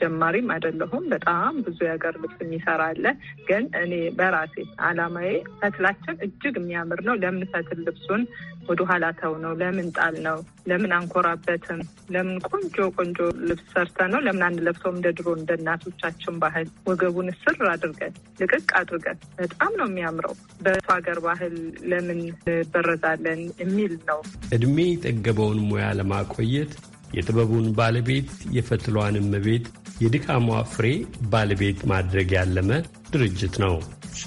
ጀማሪም አይደለሁም። በጣም ብዙ የሀገር ልብስ የሚሰራ አለ። ግን እኔ በራሴ አላማዬ ፈትላችን እጅግ የሚያምር ነው። ለምን ፈትል ልብሱን ወደ ኋላ ተው ነው? ለምን ጣል ነው? ለምን አንኮራበትም? ለምን ቆንጆ ቆንጆ ልብስ ሰርተ ነው? ለምን አንለብሰውም? እንደ ድሮ እንደ እናቶቻችን ባህል ወገቡን ስር አድርገን ልቅቅ አድርገን በጣም ነው የሚያምረው። በሰው ሀገር ባህል ለምን እንበረዛለን የሚል ነው። እድሜ የጠገበውን ሙያ ለማቆየት የጥበቡን ባለቤት የፈትሏንም ቤት የድካሟ ፍሬ ባለቤት ማድረግ ያለመ ድርጅት ነው።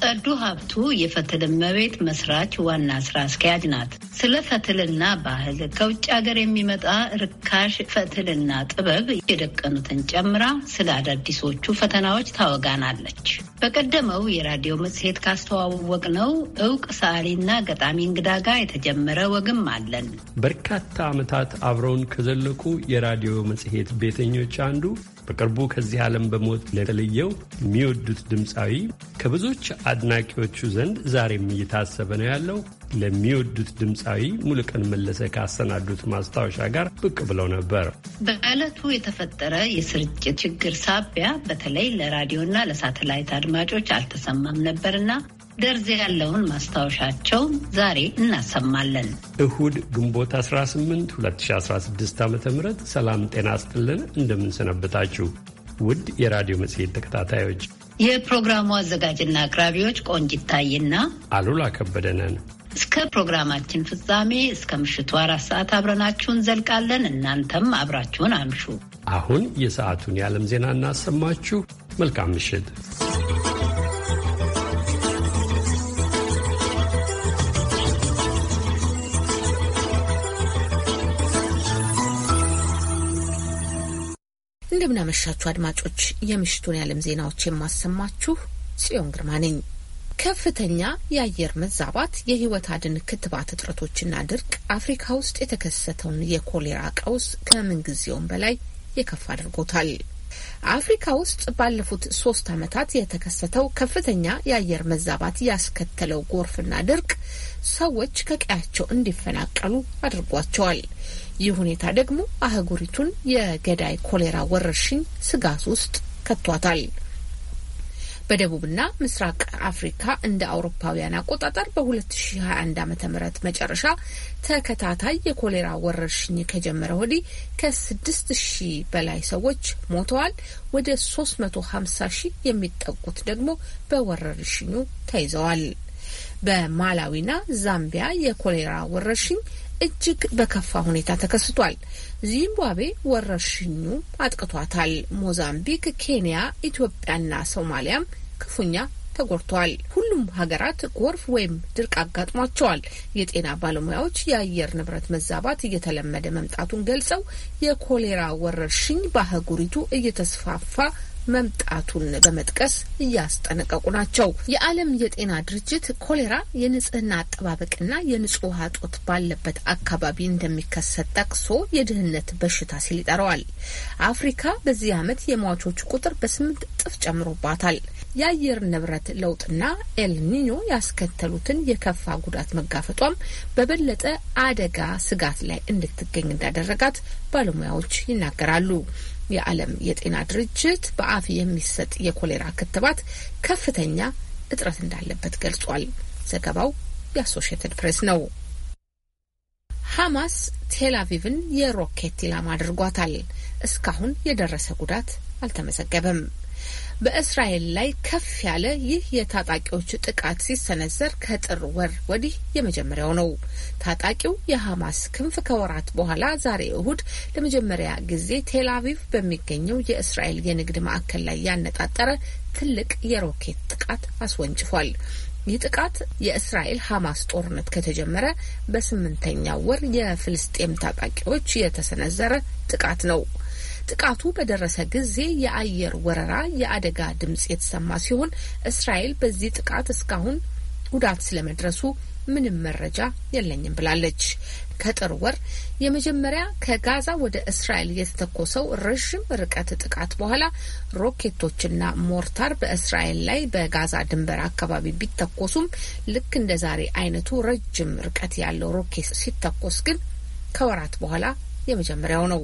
ጸዱ ሀብቱ የፈትል እመቤት መስራች ዋና ስራ አስኪያጅ ናት። ስለ ፈትልና ባህል ከውጭ ሀገር የሚመጣ ርካሽ ፈትልና ጥበብ የደቀኑትን ጨምራ ስለ አዳዲሶቹ ፈተናዎች ታወጋናለች። በቀደመው የራዲዮ መጽሔት ካስተዋወቅ ነው እውቅ ሰዓሊና ገጣሚ እንግዳ ጋር የተጀመረ ወግም አለን። በርካታ ዓመታት አብረውን ከዘለቁ የራዲዮ መጽሔት ቤተኞች አንዱ በቅርቡ ከዚህ ዓለም በሞት ለተለየው የሚወዱት ድምፃዊ ከብዙዎች አድናቂዎቹ ዘንድ ዛሬም እየታሰበ ነው ያለው ለሚወዱት ድምፃዊ ሙሉቀን መለሰ ካሰናዱት ማስታወሻ ጋር ብቅ ብለው ነበር። በዕለቱ የተፈጠረ የስርጭት ችግር ሳቢያ በተለይ ለራዲዮና ለሳተላይት አድማጮች አልተሰማም ነበርና ደርዝ ያለውን ማስታወሻቸው ዛሬ እናሰማለን። እሁድ ግንቦት 18 2016 ዓ ም ሰላም ጤና ስጥልን። እንደምንሰነበታችሁ ውድ የራዲዮ መጽሔት ተከታታዮች የፕሮግራሙ አዘጋጅና አቅራቢዎች ቆንጂት ታይና አሉላ ከበደ ነን። እስከ ፕሮግራማችን ፍጻሜ እስከ ምሽቱ አራት ሰዓት አብረናችሁን ዘልቃለን። እናንተም አብራችሁን አምሹ። አሁን የሰዓቱን የዓለም ዜና እናሰማችሁ። መልካም ምሽት። እንደምናመሻችሁ አድማጮች፣ የምሽቱን የዓለም ዜናዎች የማሰማችሁ ጽዮን ግርማ ነኝ። ከፍተኛ የአየር መዛባት፣ የህይወት አድን ክትባት እጥረቶችና ድርቅ አፍሪካ ውስጥ የተከሰተውን የኮሌራ ቀውስ ከምንጊዜውም በላይ የከፋ አድርጎታል። አፍሪካ ውስጥ ባለፉት ሶስት ዓመታት የተከሰተው ከፍተኛ የአየር መዛባት ያስከተለው ጎርፍና ድርቅ ሰዎች ከቀያቸው እንዲፈናቀሉ አድርጓቸዋል። ይህ ሁኔታ ደግሞ አህጉሪቱን የገዳይ ኮሌራ ወረርሽኝ ስጋት ውስጥ ከቷታል። በደቡብና ምስራቅ አፍሪካ እንደ አውሮፓውያን አቆጣጠር በ2021 ዓ ም መጨረሻ ተከታታይ የኮሌራ ወረርሽኝ ከጀመረ ወዲህ ከ6 ሺህ በላይ ሰዎች ሞተዋል። ወደ 350 ሺህ የሚጠጉት ደግሞ በወረርሽኙ ተይዘዋል። በማላዊና ዛምቢያ የኮሌራ ወረርሽኝ እጅግ በከፋ ሁኔታ ተከስቷል። ዚምባብዌ ወረርሽኙ አጥቅቷታል። ሞዛምቢክ፣ ኬንያ፣ ኢትዮጵያና ሶማሊያም ክፉኛ ተጎድተዋል። ሁሉም ሀገራት ጎርፍ ወይም ድርቅ አጋጥሟቸዋል። የጤና ባለሙያዎች የአየር ንብረት መዛባት እየተለመደ መምጣቱን ገልጸው የኮሌራ ወረርሽኝ በአህጉሪቱ እየተስፋፋ መምጣቱን በመጥቀስ እያስጠነቀቁ ናቸው። የዓለም የጤና ድርጅት ኮሌራ የንጽህና አጠባበቅና የንጹህ ውሃ እጦት ባለበት አካባቢ እንደሚከሰት ጠቅሶ የድህነት በሽታ ሲል ይጠራዋል። አፍሪካ በዚህ ዓመት የሟቾቹ ቁጥር በስምንት እጥፍ ጨምሮባታል። የአየር ንብረት ለውጥና ኤልኒኞ ያስከተሉትን የከፋ ጉዳት መጋፈጧም በበለጠ አደጋ ስጋት ላይ እንድትገኝ እንዳደረጋት ባለሙያዎች ይናገራሉ። የዓለም የጤና ድርጅት በአፍ የሚሰጥ የኮሌራ ክትባት ከፍተኛ እጥረት እንዳለበት ገልጿል። ዘገባው የአሶሽየትድ ፕሬስ ነው። ሐማስ ቴላቪቭን የሮኬት ኢላማ አድርጓታል። እስካሁን የደረሰ ጉዳት አልተመዘገበም። በእስራኤል ላይ ከፍ ያለ ይህ የታጣቂዎች ጥቃት ሲሰነዘር ከጥር ወር ወዲህ የመጀመሪያው ነው። ታጣቂው የሐማስ ክንፍ ከወራት በኋላ ዛሬ እሁድ ለመጀመሪያ ጊዜ ቴልአቪቭ በሚገኘው የእስራኤል የንግድ ማዕከል ላይ ያነጣጠረ ትልቅ የሮኬት ጥቃት አስወንጭፏል። ይህ ጥቃት የእስራኤል ሐማስ ጦርነት ከተጀመረ በስምንተኛው ወር የፍልስጤም ታጣቂዎች የተሰነዘረ ጥቃት ነው። ጥቃቱ በደረሰ ጊዜ የአየር ወረራ የአደጋ ድምጽ የተሰማ ሲሆን እስራኤል በዚህ ጥቃት እስካሁን ጉዳት ስለመድረሱ ምንም መረጃ የለኝም ብላለች። ከጥር ወር የመጀመሪያ ከጋዛ ወደ እስራኤል የተተኮሰው ረዥም ርቀት ጥቃት በኋላ ሮኬቶችና ሞርታር በእስራኤል ላይ በጋዛ ድንበር አካባቢ ቢተኮሱም ልክ እንደ ዛሬ አይነቱ ረጅም ርቀት ያለው ሮኬት ሲተኮስ ግን ከወራት በኋላ የመጀመሪያው ነው።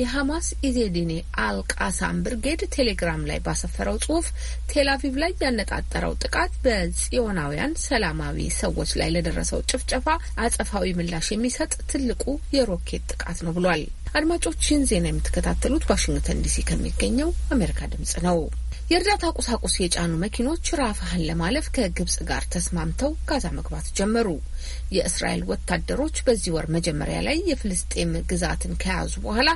የሐማስ ኢዜዲኒ አልቃሳም ብርጌድ ቴሌግራም ላይ ባሰፈረው ጽሁፍ ቴላቪቭ ላይ ያነጣጠረው ጥቃት በጽዮናውያን ሰላማዊ ሰዎች ላይ ለደረሰው ጭፍጨፋ አጸፋዊ ምላሽ የሚሰጥ ትልቁ የሮኬት ጥቃት ነው ብሏል። አድማጮች ይህን ዜና የምትከታተሉት ዋሽንግተን ዲሲ ከሚገኘው አሜሪካ ድምጽ ነው። የእርዳታ ቁሳቁስ የጫኑ መኪኖች ራፋህን ለማለፍ ከግብጽ ጋር ተስማምተው ጋዛ መግባት ጀመሩ። የእስራኤል ወታደሮች በዚህ ወር መጀመሪያ ላይ የፍልስጤም ግዛትን ከያዙ በኋላ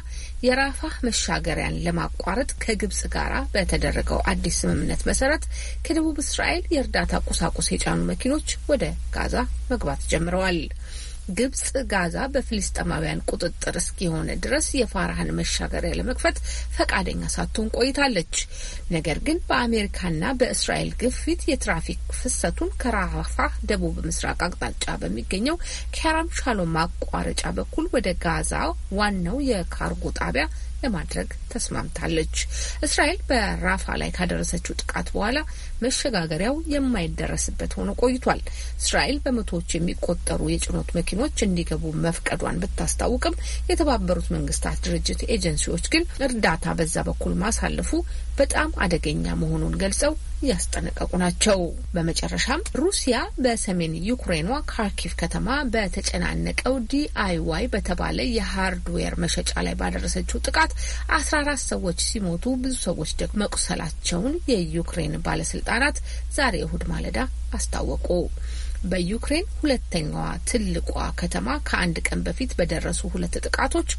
የራፋህ መሻገሪያን ለማቋረጥ ከግብጽ ጋር በተደረገው አዲስ ስምምነት መሰረት ከደቡብ እስራኤል የእርዳታ ቁሳቁስ የጫኑ መኪኖች ወደ ጋዛ መግባት ጀምረዋል። ግብጽ ጋዛ በፊልስጠማውያን ቁጥጥር እስኪሆነ ድረስ የፋራህን መሻገሪያ ለመክፈት ፈቃደኛ ሳትሆን ቆይታለች። ነገር ግን በአሜሪካና በእስራኤል ግፊት የትራፊክ ፍሰቱን ከራፋ ደቡብ ምስራቅ አቅጣጫ በሚገኘው ከራም ሻሎም ማቋረጫ በኩል ወደ ጋዛ ዋናው የካርጎ ጣቢያ ለማድረግ ተስማምታለች። እስራኤል በራፋ ላይ ካደረሰችው ጥቃት በኋላ መሸጋገሪያው የማይደረስበት ሆኖ ቆይቷል። እስራኤል በመቶዎች የሚቆጠሩ የጭነት መኪኖች እንዲገቡ መፍቀዷን ብታስታውቅም የተባበሩት መንግስታት ድርጅት ኤጀንሲዎች ግን እርዳታ በዛ በኩል ማሳለፉ በጣም አደገኛ መሆኑን ገልጸው እያስጠነቀቁ ናቸው። በመጨረሻም ሩሲያ በሰሜን ዩክሬኗ ካርኪቭ ከተማ በተጨናነቀው ዲአይዋይ በተባለ የሃርድዌር መሸጫ ላይ ባደረሰችው ጥቃት አስራ አራት ሰዎች ሲሞቱ ብዙ ሰዎች ደግሞ መቁሰላቸውን የዩክሬን ባለስልጣናት ዛሬ እሁድ ማለዳ አስታወቁ። በዩክሬን ሁለተኛዋ ትልቋ ከተማ ከአንድ ቀን በፊት በደረሱ ሁለት ጥቃቶች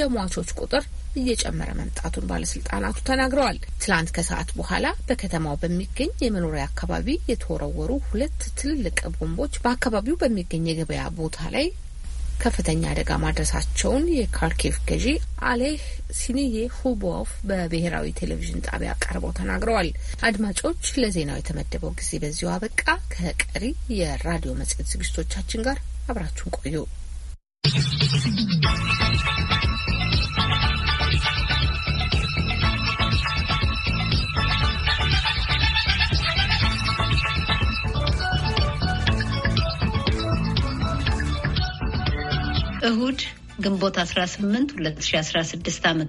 የሟቾች ቁጥር እየጨመረ መምጣቱን ባለስልጣናቱ ተናግረዋል። ትላንት ከሰዓት በኋላ በከተማው በሚገኝ የመኖሪያ አካባቢ የተወረወሩ ሁለት ትልልቅ ቦምቦች በአካባቢው በሚገኝ የገበያ ቦታ ላይ ከፍተኛ አደጋ ማድረሳቸውን የካርኬቭ ገዢ አሌህ ሲኒዬ ሁቦፍ በብሔራዊ ቴሌቪዥን ጣቢያ ቀርበው ተናግረዋል። አድማጮች፣ ለዜናው የተመደበው ጊዜ በዚሁ አበቃ። ከቀሪ የራዲዮ መጽሔት ዝግጅቶቻችን ጋር አብራችሁን ቆዩ። እሁድ ግንቦት 18 2016 ዓ ም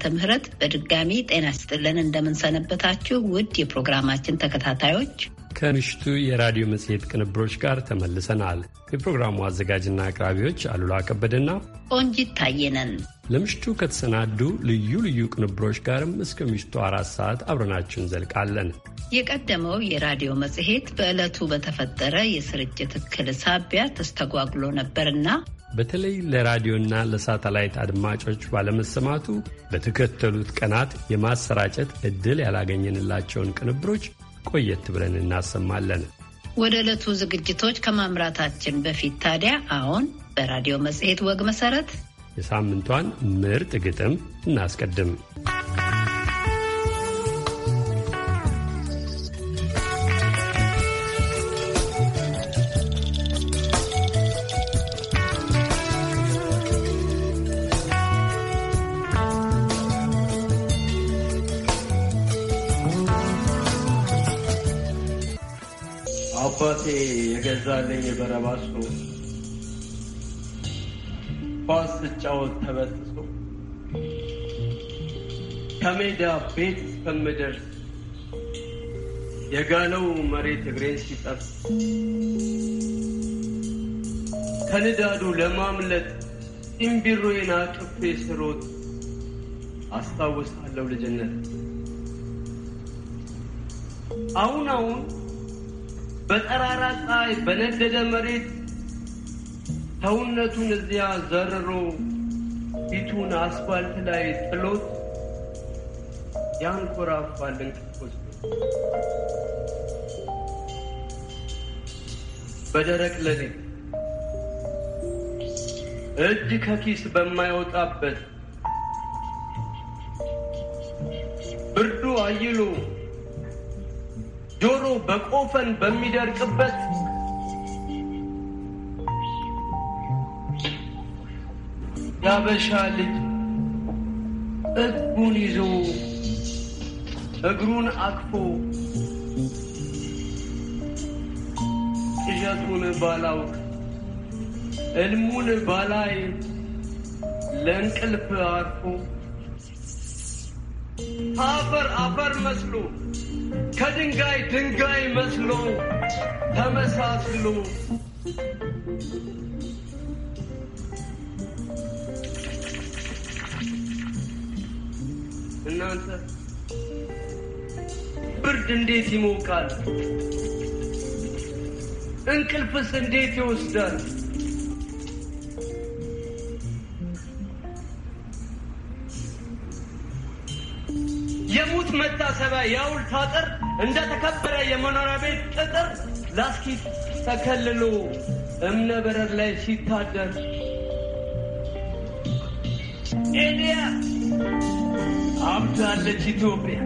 በድጋሚ ጤና ስጥልን እንደምንሰነበታችሁ ውድ የፕሮግራማችን ተከታታዮች ከምሽቱ የራዲዮ መጽሔት ቅንብሮች ጋር ተመልሰናል። የፕሮግራሙ አዘጋጅና አቅራቢዎች አሉላ ከበደና ቆንጂት ታየነን ለምሽቱ ከተሰናዱ ልዩ ልዩ ቅንብሮች ጋርም እስከ ምሽቱ አራት ሰዓት አብረናችሁ እንዘልቃለን። የቀደመው የራዲዮ መጽሔት በዕለቱ በተፈጠረ የስርጭት እክል ሳቢያ ተስተጓጉሎ ነበርና በተለይ ለራዲዮና ለሳተላይት አድማጮች ባለመሰማቱ በተከተሉት ቀናት የማሰራጨት ዕድል ያላገኘንላቸውን ቅንብሮች ቆየት ብለን እናሰማለን። ወደ ዕለቱ ዝግጅቶች ከማምራታችን በፊት ታዲያ አሁን በራዲዮ መጽሔት ወግ መሠረት የሳምንቷን ምርጥ ግጥም እናስቀድም። በዛልኝ በረባሶ ኳስ ስጫወት ተበጥሶ ከሜዳ ቤት እስከምደርስ የጋለው መሬት እግሬን ሲጠፍ ከንዳዱ ለማምለጥ ኢምቢሮዬን አቅፌ ስሮጥ አስታውሳለሁ ልጅነት አሁን አሁን በጠራራ ፀሐይ በነደደ መሬት ሰውነቱን እዚያ ዘርሮ ፊቱን አስፋልት ላይ ጥሎት ያንኮራፋል እንቅልፍ በደረቅ ሌሊት እጅ ከኪስ በማይወጣበት ብርዱ አይሎ ጆሮ በቆፈን በሚደርቅበት ያበሻ ልጅ እግሩን ይዞ እግሩን አክፎ ቅዠቱን ባላውቅ እልሙን ባላይ ለእንቅልፍ አርፎ አፈር አፈር መስሎ ከድንጋይ ድንጋይ መስሎ ተመሳስሎ እናንተ ብርድ እንዴት ይሞቃል? እንቅልፍስ እንዴት ይወስዳል? የሙት መታሰቢያ የሐውልት አጥር እንደ ተከበረ የመኖሪያ ቤት ቅጥር ላስኪት ተከልሎ እምነ በረር ላይ ሲታደር ኤልያ አብዳለች ኢትዮጵያ።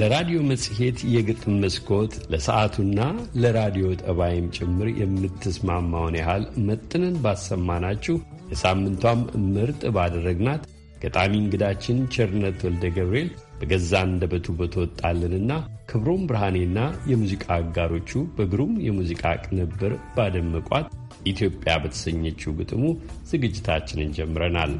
ለራዲዮ መጽሔት የግጥም መስኮት ለሰዓቱና ለራዲዮ ጠባይም ጭምር የምትስማማውን ያህል መጥነን ባሰማናችሁ የሳምንቷም ምርጥ ባደረግናት ገጣሚ እንግዳችን ቸርነት ወልደ ገብርኤል በገዛ አንደበቱ በተወጣልንና ክብሮም ብርሃኔና የሙዚቃ አጋሮቹ በግሩም የሙዚቃ ቅንብር ባደመቋት ኢትዮጵያ በተሰኘችው ግጥሙ ዝግጅታችንን ጀምረናል።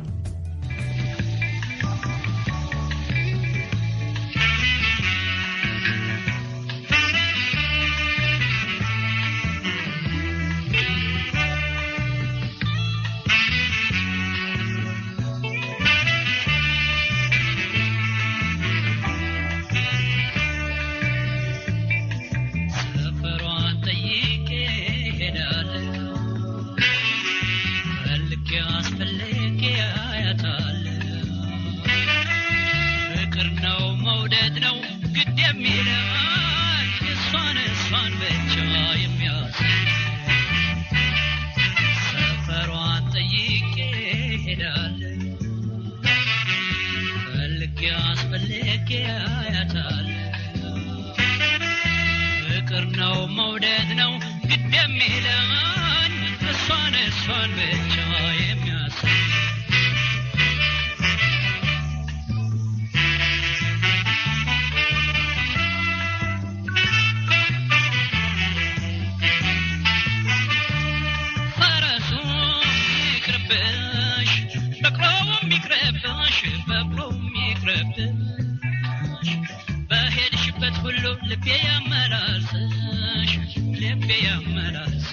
ልቤ ያመላልስሽ ልቤ ያመላልስ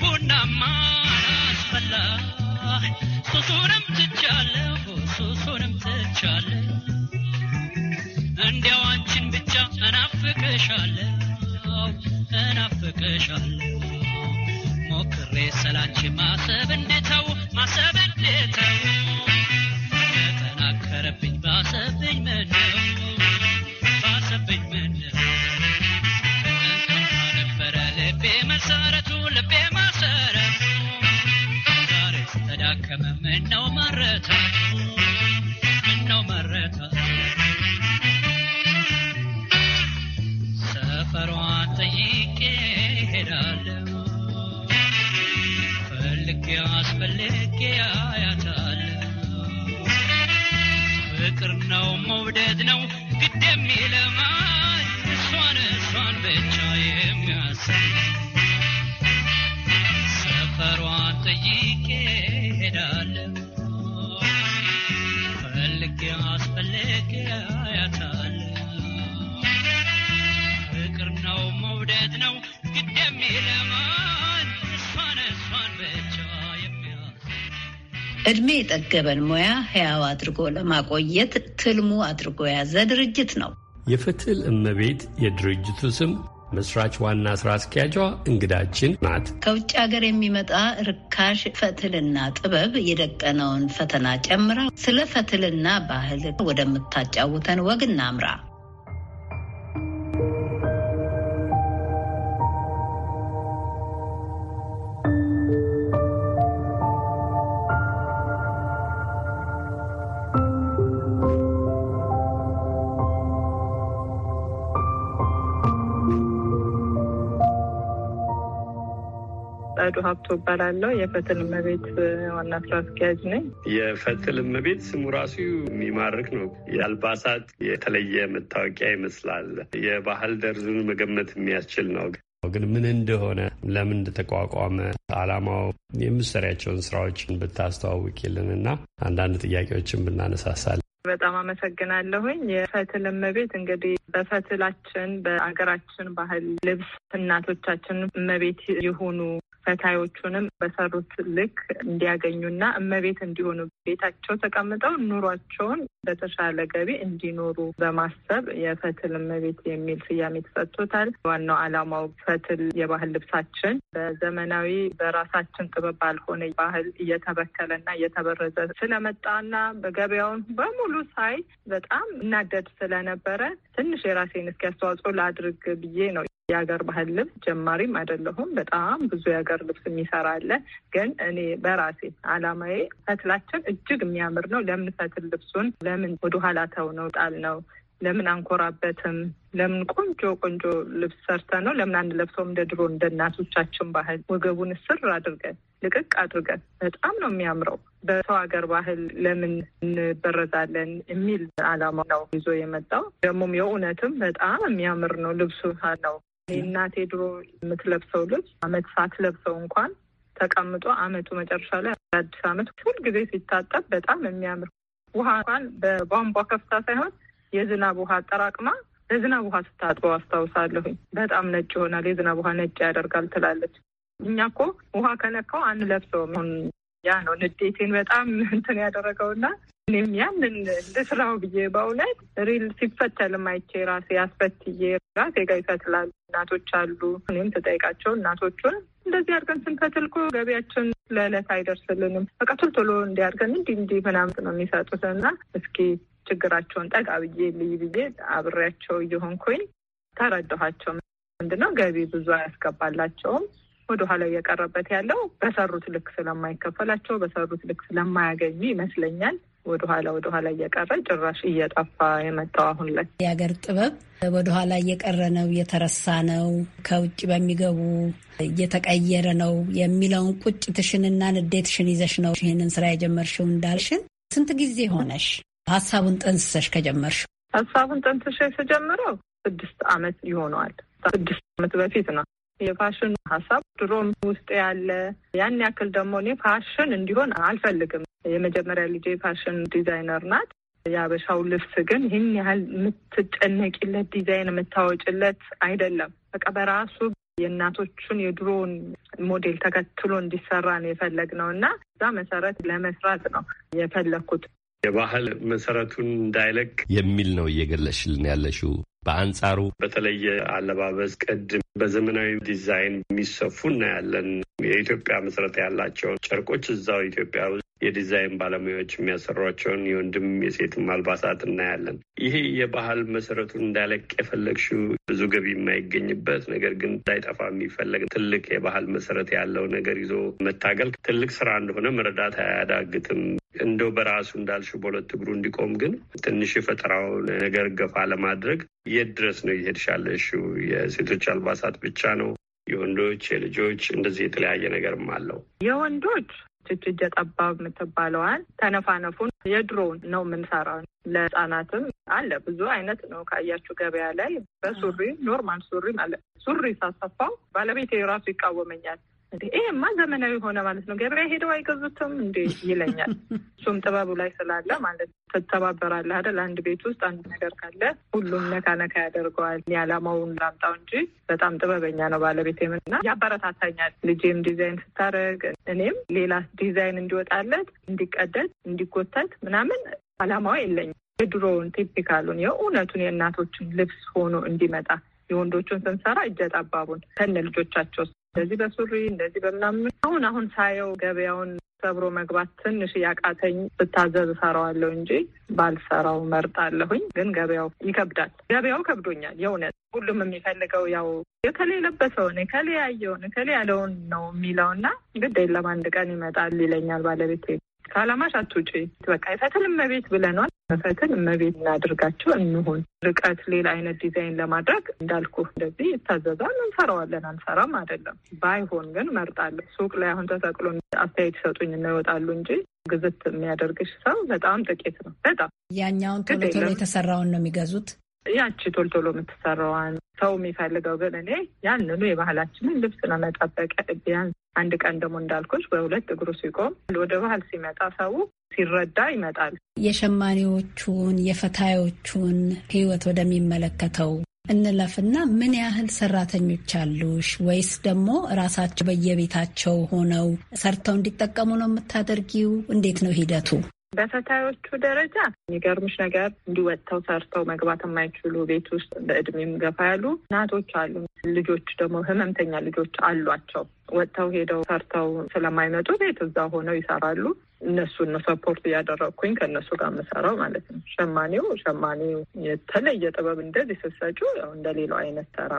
ቡናማ አስፈላ ሱሱንም ትቻለሁ ሱሱንም ትቻለሁ እንዲያው አንቺን ብቻ እናፍቅሻለሁ እናፍቅሻለሁ ሞክሬ ሰላች ማሰብ እንደ የተመዘገበን ሙያ ሕያው አድርጎ ለማቆየት ትልሙ አድርጎ የያዘ ድርጅት ነው። የፍትል እመቤት የድርጅቱ ስም መስራች ዋና ስራ አስኪያጇ እንግዳችን ናት። ከውጭ ሀገር የሚመጣ ርካሽ ፈትልና ጥበብ የደቀነውን ፈተና ጨምራ ስለ ፈትልና ባህል ወደምታጫውተን ወግ እናምራ። ገመዱ ሀብቶ እባላለሁ። የፈትል እመቤት ዋና ስራ አስኪያጅ ነኝ። የፈትል እመቤት ስሙ ራሱ የሚማርክ ነው። የአልባሳት የተለየ መታወቂያ ይመስላል። የባህል ደርዙን መገመት የሚያስችል ነው። ግን ምን እንደሆነ ለምን እንደተቋቋመ አላማው፣ የምሰሪያቸውን ስራዎችን ብታስተዋውቂልን እና አንዳንድ ጥያቄዎችን ብናነሳሳል። በጣም አመሰግናለሁኝ። የፈትል እመቤት እንግዲህ በፈትላችን በአገራችን ባህል ልብስ እናቶቻችን እመቤት የሆኑ ፈታዮቹንም በሰሩት ልክ እንዲያገኙና እመቤት እንዲሆኑ ቤታቸው ተቀምጠው ኑሯቸውን በተሻለ ገቢ እንዲኖሩ በማሰብ የፈትል እመቤት የሚል ስያሜ ተሰጥቶታል። ዋናው ዓላማው ፈትል የባህል ልብሳችን በዘመናዊ በራሳችን ጥበብ ባልሆነ ባህል እየተበከለና እየተበረዘ ስለመጣና በገበያውን በሙሉ ሳይ በጣም እናደድ ስለነበረ ትንሽ የራሴን እስኪ አስተዋጽኦ ላድርግ ብዬ ነው የሀገር ባህል ልብስ ጀማሪም አይደለሁም። በጣም ብዙ የሀገር ልብስ የሚሰራ አለ። ግን እኔ በራሴ አላማዬ ፈትላችን እጅግ የሚያምር ነው። ለምን ፈትል ልብሱን ለምን ወደኋላ ተው ነው ጣል ነው ለምን አንኮራበትም? ለምን ቆንጆ ቆንጆ ልብስ ሰርተን ነው ለምን አንድ ለብሰው እንደ ድሮ እንደ እናቶቻችን ባህል ወገቡን ስር አድርገን ልቅቅ አድርገን በጣም ነው የሚያምረው። በሰው ሀገር ባህል ለምን እንበረዛለን የሚል አላማ ነው ይዞ የመጣው። ደግሞም የእውነትም በጣም የሚያምር ነው ልብሱ ነው እናቴ ድሮ የምትለብሰው ልብስ አመት ሳትለብሰው እንኳን ተቀምጦ አመቱ መጨረሻ ላይ አዲስ አመት ሁልጊዜ ሲታጠብ በጣም የሚያምር ውሃ እንኳን በቧንቧ ከፍታ ሳይሆን የዝናብ ውሃ አጠራቅማ የዝናብ ውሃ ስታጥበው አስታውሳለሁኝ። በጣም ነጭ ይሆናል፣ የዝናብ ውሃ ነጭ ያደርጋል ትላለች። እኛ እኮ ውሃ ከነካው አንለብሰውም። ያ ነው ንዴቴን በጣም እንትን ያደረገውና እኔም ያንን ልስራው ብዬ በእውነት ሪል ሲፈተልም አይቼ ራሴ አስፈትዬ ራሴ ጋር ይፈትላሉ እናቶች አሉ። እኔም ተጠይቃቸው እናቶቹን እንደዚህ አድርገን ስንፈትል እኮ ገቢያችን ለዕለት አይደርስልንም። በቃ ቶሎ ቶሎ እንዲያድርገን እንዲህ እንዲህ ምናምን ነው የሚሰጡት እና እስኪ ችግራቸውን ጠጋ ብዬ ልይ ብዬ አብሬያቸው እየሆንኩኝ ተረዳኋቸው። ነው ገቢ ብዙ አያስገባላቸውም ወደ ኋላ እየቀረበት ያለው በሰሩት ልክ ስለማይከፈላቸው በሰሩት ልክ ስለማያገኙ ይመስለኛል። ወደኋላ ወደኋላ እየቀረ ጭራሽ እየጠፋ የመጣው አሁን ላይ የሀገር ጥበብ ወደኋላ እየቀረ ነው፣ እየተረሳ ነው፣ ከውጭ በሚገቡ እየተቀየረ ነው የሚለውን ቁጭትሽንና ንዴትሽን ይዘሽ ነው ይህንን ስራ የጀመርሽው እንዳልሽን ስንት ጊዜ ሆነሽ ሀሳቡን ጠንስሰሽ ከጀመርሽው? ሀሳቡን ጠንስሼ የተጀምረው ስድስት አመት ይሆነዋል። ስድስት አመት በፊት ነው የፋሽን ሀሳብ ድሮም ውስጥ ያለ ያን ያክል ደግሞ እኔ ፋሽን እንዲሆን አልፈልግም የመጀመሪያ ልጄ ፋሽን ዲዛይነር ናት። የአበሻው ልብስ ግን ይህን ያህል የምትጨነቂለት ዲዛይን የምታወጭለት አይደለም። በቃ በራሱ የእናቶቹን የድሮውን ሞዴል ተከትሎ እንዲሰራ ነው የፈለግነው እና እዛ መሰረት ለመስራት ነው የፈለግኩት። የባህል መሰረቱን እንዳይለቅ የሚል ነው እየገለሽልን ያለሽው። በአንጻሩ በተለየ አለባበስ ቅድም በዘመናዊ ዲዛይን የሚሰፉ እናያለን። የኢትዮጵያ መሰረት ያላቸውን ጨርቆች እዛው ኢትዮጵያ የዲዛይን ባለሙያዎች የሚያሰሯቸውን የወንድም የሴትም አልባሳት እናያለን። ይሄ የባህል መሰረቱን እንዳለቅ የፈለግሽው ብዙ ገቢ የማይገኝበት ነገር ግን እንዳይጠፋ የሚፈለግ ትልቅ የባህል መሰረት ያለው ነገር ይዞ መታገል ትልቅ ስራ እንደሆነ መረዳት አያዳግትም። እንደው በራሱ እንዳልሽው በሁለት እግሩ እንዲቆም ግን ትንሽ የፈጠራው ነገር ገፋ ለማድረግ የት ድረስ ነው ይሄድሻለሽ? የሴቶች አልባሳት ብቻ ነው የወንዶች የልጆች እንደዚህ የተለያየ ነገርም አለው። የወንዶች ጭጭጀ ጠባብ የምትባለዋን ተነፋነፉን የድሮውን ነው የምንሰራው። ለህጻናትም አለ ብዙ አይነት ነው ካያችሁ ገበያ ላይ በሱሪ ኖርማል ሱሪ ማለት ሱሪ ሳሰፋው ባለቤቴ ራሱ ይቃወመኛል። እንዴ ይሄማ ዘመናዊ ሆነ ማለት ነው። ገበያ ሄደው አይገዙትም እንዴ ይለኛል። እሱም ጥበቡ ላይ ስላለ ማለት ነው። ትተባበራለህ አይደል? አንድ ቤት ውስጥ አንድ ነገር ካለ ሁሉም ነካ ነካ ያደርገዋል። ያላማውን ላምጣው እንጂ በጣም ጥበበኛ ነው ባለቤት የምና ያበረታታኛል። ልጄም ዲዛይን ስታደርግ እኔም ሌላ ዲዛይን እንዲወጣለት፣ እንዲቀደድ፣ እንዲጎተት ምናምን አላማዋ የለኝም። የድሮውን ቲፒካሉን የእውነቱን የእናቶችን ልብስ ሆኖ እንዲመጣ የወንዶቹን ስንሰራ እጀ ጠባቡን ከነ ልጆቻቸው እንደዚህ በሱሪ እንደዚህ በምናምን አሁን አሁን ሳየው ገበያውን ሰብሮ መግባት ትንሽ ያቃተኝ ስታዘዝ እሰራዋለሁ እንጂ ባልሰራው መርጣለሁኝ። ግን ገበያው ይከብዳል። ገበያው ከብዶኛል። የእውነት ሁሉም የሚፈልገው ያው የከሌ የለበሰውን የከሌ ያየውን ከሌ ያለውን ነው የሚለውና ግድ የለም አንድ ቀን ይመጣል ይለኛል ባለቤቴ። ከአላማሽ አትውጪ። በቃ የፈትል እመቤት ብለኗል። በፈትል እመቤት እናድርጋቸው እንሆን ርቀት ሌላ አይነት ዲዛይን ለማድረግ እንዳልኩ እንደዚህ ይታዘዛል። እንሰራዋለን፣ አንሰራም አይደለም። ባይሆን ግን መርጣለሁ። ሱቅ ላይ አሁን ተሰቅሎ አስተያየት ይሰጡኝ እና ይወጣሉ እንጂ ግዝት የሚያደርግሽ ሰው በጣም ጥቂት ነው። በጣም ያኛውን ቶሎ ቶሎ የተሰራውን ነው የሚገዙት። ያቺ ቶልቶሎ የምትሰራዋን ሰው የሚፈልገው ግን እኔ ያንኑ የባህላችንን ልብስ ለመጠበቅ ቢያንስ አንድ ቀን ደግሞ እንዳልኩች በሁለት እግሩ ሲቆም ወደ ባህል ሲመጣ ሰው ሲረዳ ይመጣል። የሸማኔዎቹን የፈታዮቹን ህይወት ወደሚመለከተው እንለፍና ምን ያህል ሰራተኞች አሉሽ? ወይስ ደግሞ ራሳቸው በየቤታቸው ሆነው ሰርተው እንዲጠቀሙ ነው የምታደርጊው? እንዴት ነው ሂደቱ? በፈታዮቹ ደረጃ የሚገርምሽ ነገር እንዲወጥተው ሰርተው መግባት የማይችሉ ቤት ውስጥ በእድሜም ገፋ ያሉ እናቶች አሉ። ልጆች ደግሞ ህመምተኛ ልጆች አሏቸው። ወጥተው ሄደው ሰርተው ስለማይመጡ ቤት እዛ ሆነው ይሰራሉ። እነሱን ነው ሰፖርት እያደረግኩኝ ከእነሱ ጋር የምሰራው ማለት ነው። ሸማኔው ሸማኔው የተለየ ጥበብ እንደዚህ ስትሰጪው ያው እንደሌላው አይነት ተራ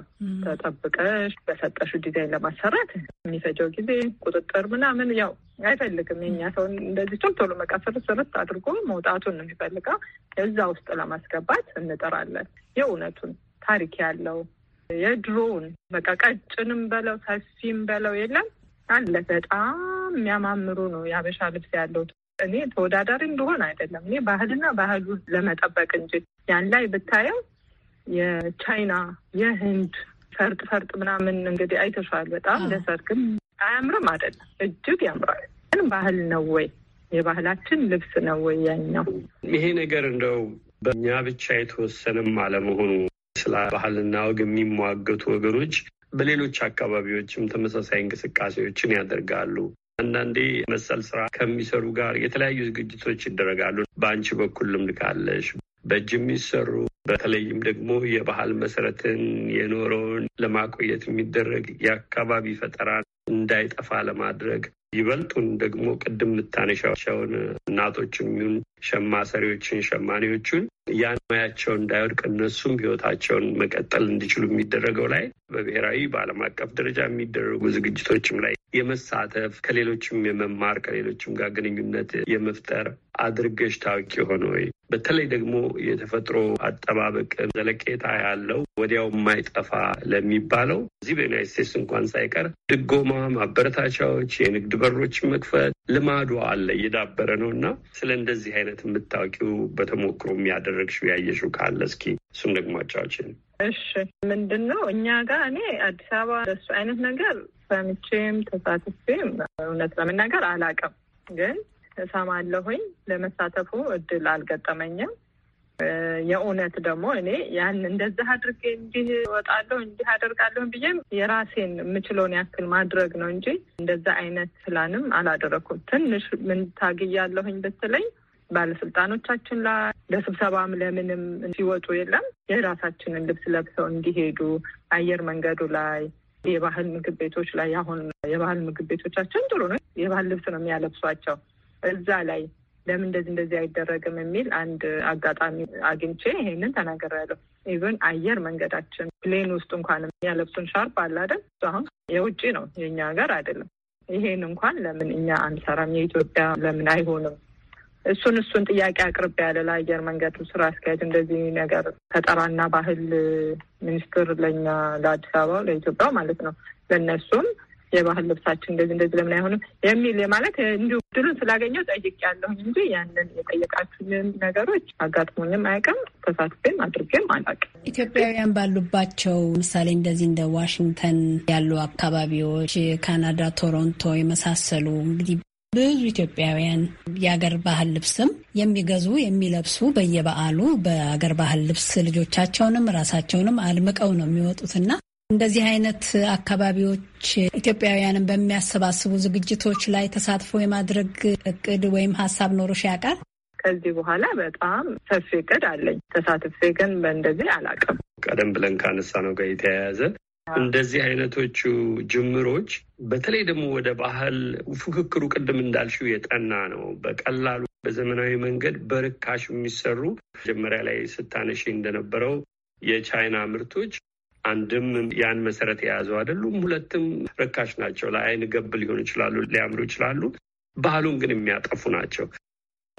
ተጠብቀሽ በሰጠሹ ዲዛይን ለማሰራት የሚፈጀው ጊዜ ቁጥጥር ምናምን ያው አይፈልግም። የኛ ሰው እንደዚህ ቶሎ ቶሎ በቃ ስርት አድርጎ መውጣቱን ነው የሚፈልገው። እዛ ውስጥ ለማስገባት እንጥራለን። የእውነቱን ታሪክ ያለው የድሮውን በቃ ቀጭንም በለው ሰፊም በለው የለም አለ። በጣም የሚያማምሩ ነው የሀበሻ ልብስ ያለው። እኔ ተወዳዳሪ እንደሆን አይደለም። እኔ ባህልና ባህሉ ለመጠበቅ እንጂ ያን ላይ ብታየው የቻይና የህንድ ፈርጥ ፈርጥ ምናምን እንግዲህ አይተሸዋል። በጣም ለሰርግም አያምርም አይደለም። እጅግ ያምራል። ግን ባህል ነው ወይ የባህላችን ልብስ ነው ወይ ያኛው? ይሄ ነገር እንደው በእኛ ብቻ የተወሰነም አለመሆኑ ስለ ባህልና ወግ የሚሟገቱ ወገኖች በሌሎች አካባቢዎችም ተመሳሳይ እንቅስቃሴዎችን ያደርጋሉ። አንዳንዴ መሰል ስራ ከሚሰሩ ጋር የተለያዩ ዝግጅቶች ይደረጋሉ። በአንቺ በኩል ልምድ ካለሽ በእጅ የሚሰሩ በተለይም ደግሞ የባህል መሰረትን የኖረውን ለማቆየት የሚደረግ የአካባቢ ፈጠራ እንዳይጠፋ ለማድረግ ይበልጡን ደግሞ ቅድም ልታነሻቸውን እናቶችን የሚሆን ሸማ ሰሪዎችን፣ ሸማኔዎቹን ያን ሙያቸው እንዳይወድቅ እነሱም ህይወታቸውን መቀጠል እንዲችሉ የሚደረገው ላይ በብሔራዊ በዓለም አቀፍ ደረጃ የሚደረጉ ዝግጅቶችም ላይ የመሳተፍ ከሌሎችም የመማር ከሌሎችም ጋር ግንኙነት የመፍጠር አድርገሽ ታዋቂ ሆነ ወይ? በተለይ ደግሞ የተፈጥሮ አጠባበቅ ዘለቄታ ያለው ወዲያው የማይጠፋ ለሚባለው እዚህ በዩናይት ስቴትስ እንኳን ሳይቀር ድጎማ፣ ማበረታቻዎች፣ የንግድ በሮች መክፈት ልማዷ አለ እየዳበረ ነው እና ስለ እንደዚህ አይነት የምታውቂው በተሞክሮ የሚያደረግሽው ያየሽው ካለ እስኪ እሱም ደግሞ አጫዎችን። እሺ ምንድን ነው እኛ ጋር እኔ አዲስ አበባ ለሱ አይነት ነገር ሰምቼም ተሳትፌም እውነት ለመናገር አላውቅም ግን እሰማለሁኝ። ለመሳተፉ እድል አልገጠመኝም። የእውነት ደግሞ እኔ ያን እንደዚህ አድርጌ እንዲህ እወጣለሁ እንዲህ አደርጋለሁ ብዬም የራሴን የምችለውን ያክል ማድረግ ነው እንጂ እንደዛ አይነት ፕላንም አላደረኩም። ትንሽ ምን ታግያለሁኝ ብትለኝ ባለስልጣኖቻችን ላ ለስብሰባም ለምንም ሲወጡ የለም የራሳችንን ልብስ ለብሰው እንዲሄዱ አየር መንገዱ ላይ የባህል ምግብ ቤቶች ላይ አሁን የባህል ምግብ ቤቶቻችን ጥሩ ነው፣ የባህል ልብስ ነው የሚያለብሷቸው እዛ ላይ ለምን እንደዚህ እንደዚህ አይደረግም የሚል አንድ አጋጣሚ አግኝቼ ይሄንን ተናግሬያለሁ። ኢቨን አየር መንገዳችን ፕሌን ውስጥ እንኳን የሚያለብሱን ሻርፕ አለ አይደል? አሁን የውጭ ነው የእኛ ሀገር አይደለም። ይሄን እንኳን ለምን እኛ አንሰራም? የኢትዮጵያ ለምን አይሆንም? እሱን እሱን ጥያቄ አቅርቤ ያለ ለአየር መንገዱ ስራ አስኪያጅ እንደዚህ ነገር ፈጠራና ባህል ሚኒስትር ለእኛ ለአዲስ አበባ ለኢትዮጵያ ማለት ነው ለእነሱም የባህል ልብሳችን እንደዚህ እንደዚህ ለምን አይሆንም የሚል ማለት እንዲሁ ድሉን ስላገኘው ጠይቅ ያለሁ እንጂ ያንን የጠየቃችሁኝን ነገሮች አጋጥሞኝም አያውቅም። ተሳትፌም አድርጌም አላውቅም። ኢትዮጵያውያን ባሉባቸው ምሳሌ እንደዚህ እንደ ዋሽንግተን ያሉ አካባቢዎች፣ ካናዳ ቶሮንቶ የመሳሰሉ እንግዲህ ብዙ ኢትዮጵያውያን የአገር ባህል ልብስም የሚገዙ የሚለብሱ በየበዓሉ በአገር ባህል ልብስ ልጆቻቸውንም ራሳቸውንም አድምቀው ነው የሚወጡትና እንደዚህ አይነት አካባቢዎች ኢትዮጵያውያንን በሚያሰባስቡ ዝግጅቶች ላይ ተሳትፎ የማድረግ እቅድ ወይም ሀሳብ ኖሮሽ ያውቃል? ከዚህ በኋላ በጣም ሰፊ እቅድ አለኝ። ተሳትፌ ግን በእንደዚህ አላውቅም። ቀደም ብለን ካነሳ ነው ጋር የተያያዘ እንደዚህ አይነቶቹ ጅምሮች በተለይ ደግሞ ወደ ባህል ፉክክሩ ቅድም እንዳልሽው የጠና ነው። በቀላሉ በዘመናዊ መንገድ በርካሽ የሚሰሩ መጀመሪያ ላይ ስታነሺ እንደነበረው የቻይና ምርቶች አንድም ያን መሰረት የያዘው አይደሉም፣ ሁለትም ርካሽ ናቸው። ለአይን ገብ ሊሆኑ ይችላሉ፣ ሊያምሩ ይችላሉ፣ ባህሉን ግን የሚያጠፉ ናቸው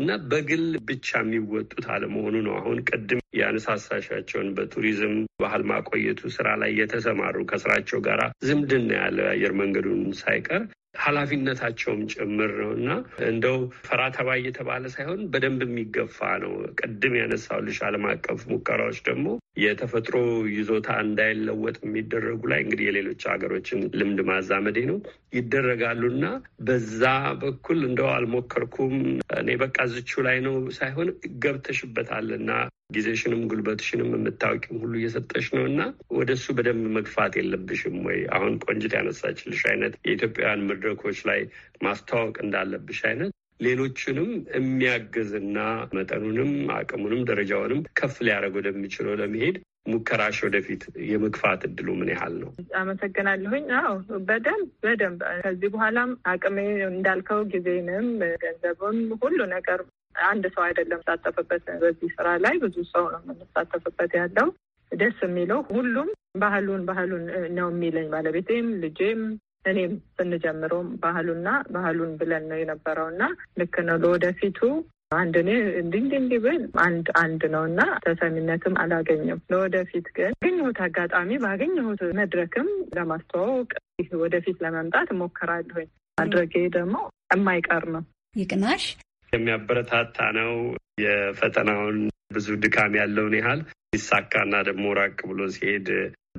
እና በግል ብቻ የሚወጡት አለመሆኑ ነው። አሁን ቅድም ያነሳሳሻቸውን በቱሪዝም ባህል ማቆየቱ ስራ ላይ የተሰማሩ ከስራቸው ጋር ዝምድና ያለው የአየር መንገዱን ሳይቀር ኃላፊነታቸውም ጭምር ነው እና እንደው ፈራ ተባ እየተባለ ሳይሆን በደንብ የሚገፋ ነው። ቅድም ያነሳሁልሽ ዓለም አቀፍ ሙከራዎች ደግሞ የተፈጥሮ ይዞታ እንዳይለወጥ የሚደረጉ ላይ እንግዲህ የሌሎች ሀገሮችን ልምድ ማዛመዴ ነው ይደረጋሉና በዛ በኩል እንደው አልሞከርኩም እኔ በቃ ዝቹ ላይ ነው ሳይሆን ገብተሽበታልና ጊዜሽንም ጉልበትሽንም የምታወቂም ሁሉ እየሰጠሽ ነው እና ወደ እሱ በደንብ መግፋት የለብሽም ወይ? አሁን ቆንጅት ያነሳችልሽ አይነት የኢትዮጵያውያን መድረኮች ላይ ማስተዋወቅ እንዳለብሽ አይነት ሌሎችንም የሚያግዝና መጠኑንም አቅሙንም ደረጃውንም ከፍ ሊያደርግ ወደሚችለው ለመሄድ ሙከራሽ ወደፊት የመግፋት እድሉ ምን ያህል ነው? አመሰግናለሁኝ። አዎ በደንብ በደንብ ከዚህ በኋላም አቅሜ እንዳልከው ጊዜንም ገንዘብም ሁሉ ነገር አንድ ሰው አይደለም ሳተፍበት። በዚህ ስራ ላይ ብዙ ሰው ነው የምንሳተፍበት ያለው። ደስ የሚለው ሁሉም ባህሉን ባህሉን ነው የሚለኝ ባለቤቴም ልጄም እኔም ስንጀምረውም ባህሉና ባህሉን ብለን ነው የነበረው እና ልክ ነው ለወደፊቱ አንድ እኔ እንዲህ እንዲህ እንዲህ ብል አንድ አንድ ነው እና ተሰሚነትም አላገኘም። ለወደፊት ግን አገኘሁት አጋጣሚ ባገኘሁት መድረክም ለማስተዋወቅ ወደፊት ለመምጣት እሞክራለሁኝ። ማድረጌ ደግሞ የማይቀር ነው። ይቅናሽ የሚያበረታታ ነው። የፈተናውን ብዙ ድካም ያለውን ያህል ሲሳካና ደግሞ ራቅ ብሎ ሲሄድ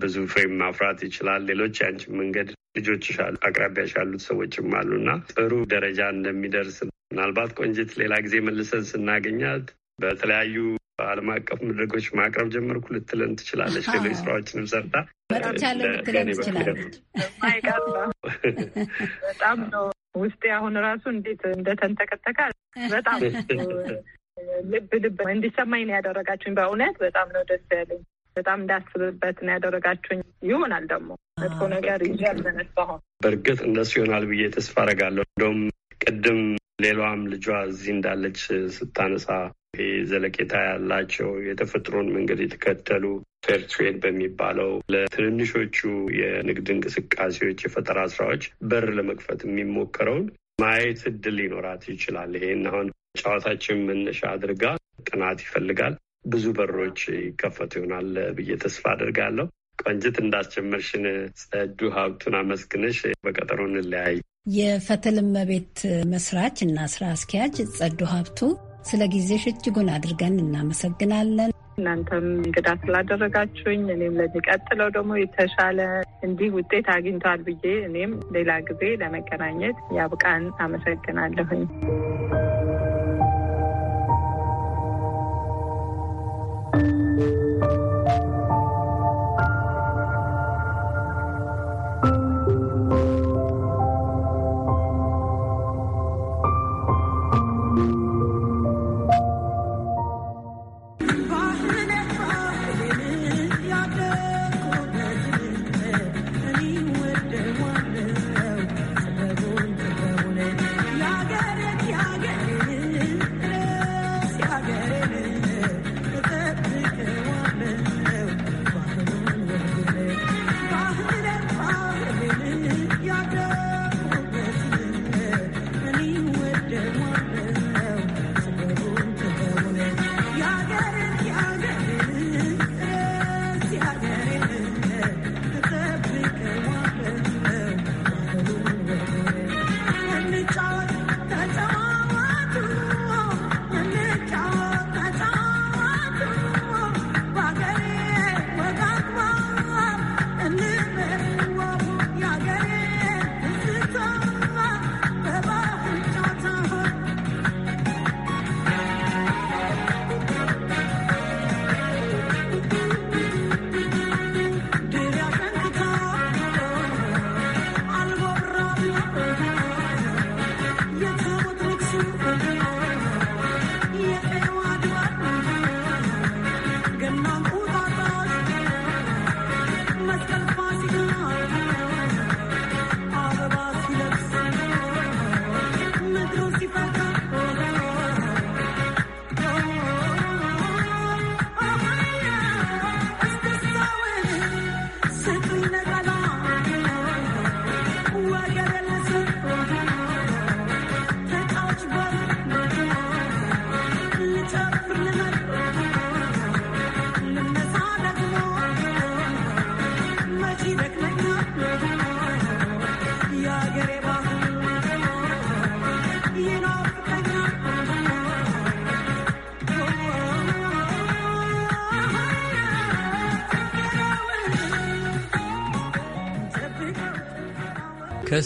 ብዙ ፍሬም ማፍራት ይችላል። ሌሎች የአንች መንገድ ልጆች አቅራቢያሽ ያሉት ሰዎችም አሉና ጥሩ ደረጃ እንደሚደርስ ምናልባት ቆንጅት ሌላ ጊዜ መልሰን ስናገኛት በተለያዩ በዓለም አቀፍ መድረኮች ማቅረብ ጀመርኩ ልትለን ትችላለች። ሌሎች ስራዎችንም ሰርታ መጥቻለሁ ልትለን ትችላለች። በጣም ነው ውስጤ አሁን ራሱ እንዴት እንደተንተከተከ በጣም ልብ ልብ እንዲሰማኝ ነው ያደረጋችሁኝ። በእውነት በጣም ነው ደስ ያለኝ። በጣም እንዳስብበት ነው ያደረጋችሁኝ። ይሆናል ደግሞ መጥፎ ነገር ይዣል ተነሳሁን። በእርግጥ እንደሱ ይሆናል ብዬ ተስፋ አረጋለሁ። እንደውም ቅድም ሌሏም ልጇ እዚህ እንዳለች ስታነሳ ዘለቄታ ያላቸው የተፈጥሮን መንገድ የተከተሉ ፌር ትሬድ በሚባለው ለትንንሾቹ የንግድ እንቅስቃሴዎች የፈጠራ ስራዎች በር ለመክፈት የሚሞከረውን ማየት እድል ሊኖራት ይችላል። ይሄን አሁን ጨዋታችን መነሻ አድርጋ ጥናት ይፈልጋል። ብዙ በሮች ይከፈቱ ይሆናል ብዬ ተስፋ አድርጋለሁ። ቆንጅት እንዳስጀመርሽን ጸዱ ሀብቱን አመስግነሽ በቀጠሮ እንለያይ። የፈትልመቤት መስራች እና ስራ አስኪያጅ ጸዱ ሀብቱ ስለ ጊዜሽ እጅጉን አድርገን እናመሰግናለን። እናንተም እንግዳ ስላደረጋችሁኝ እኔም ለሚቀጥለው ደግሞ የተሻለ እንዲህ ውጤት አግኝቷል ብዬ እኔም ሌላ ጊዜ ለመገናኘት ያብቃን። አመሰግናለሁኝ።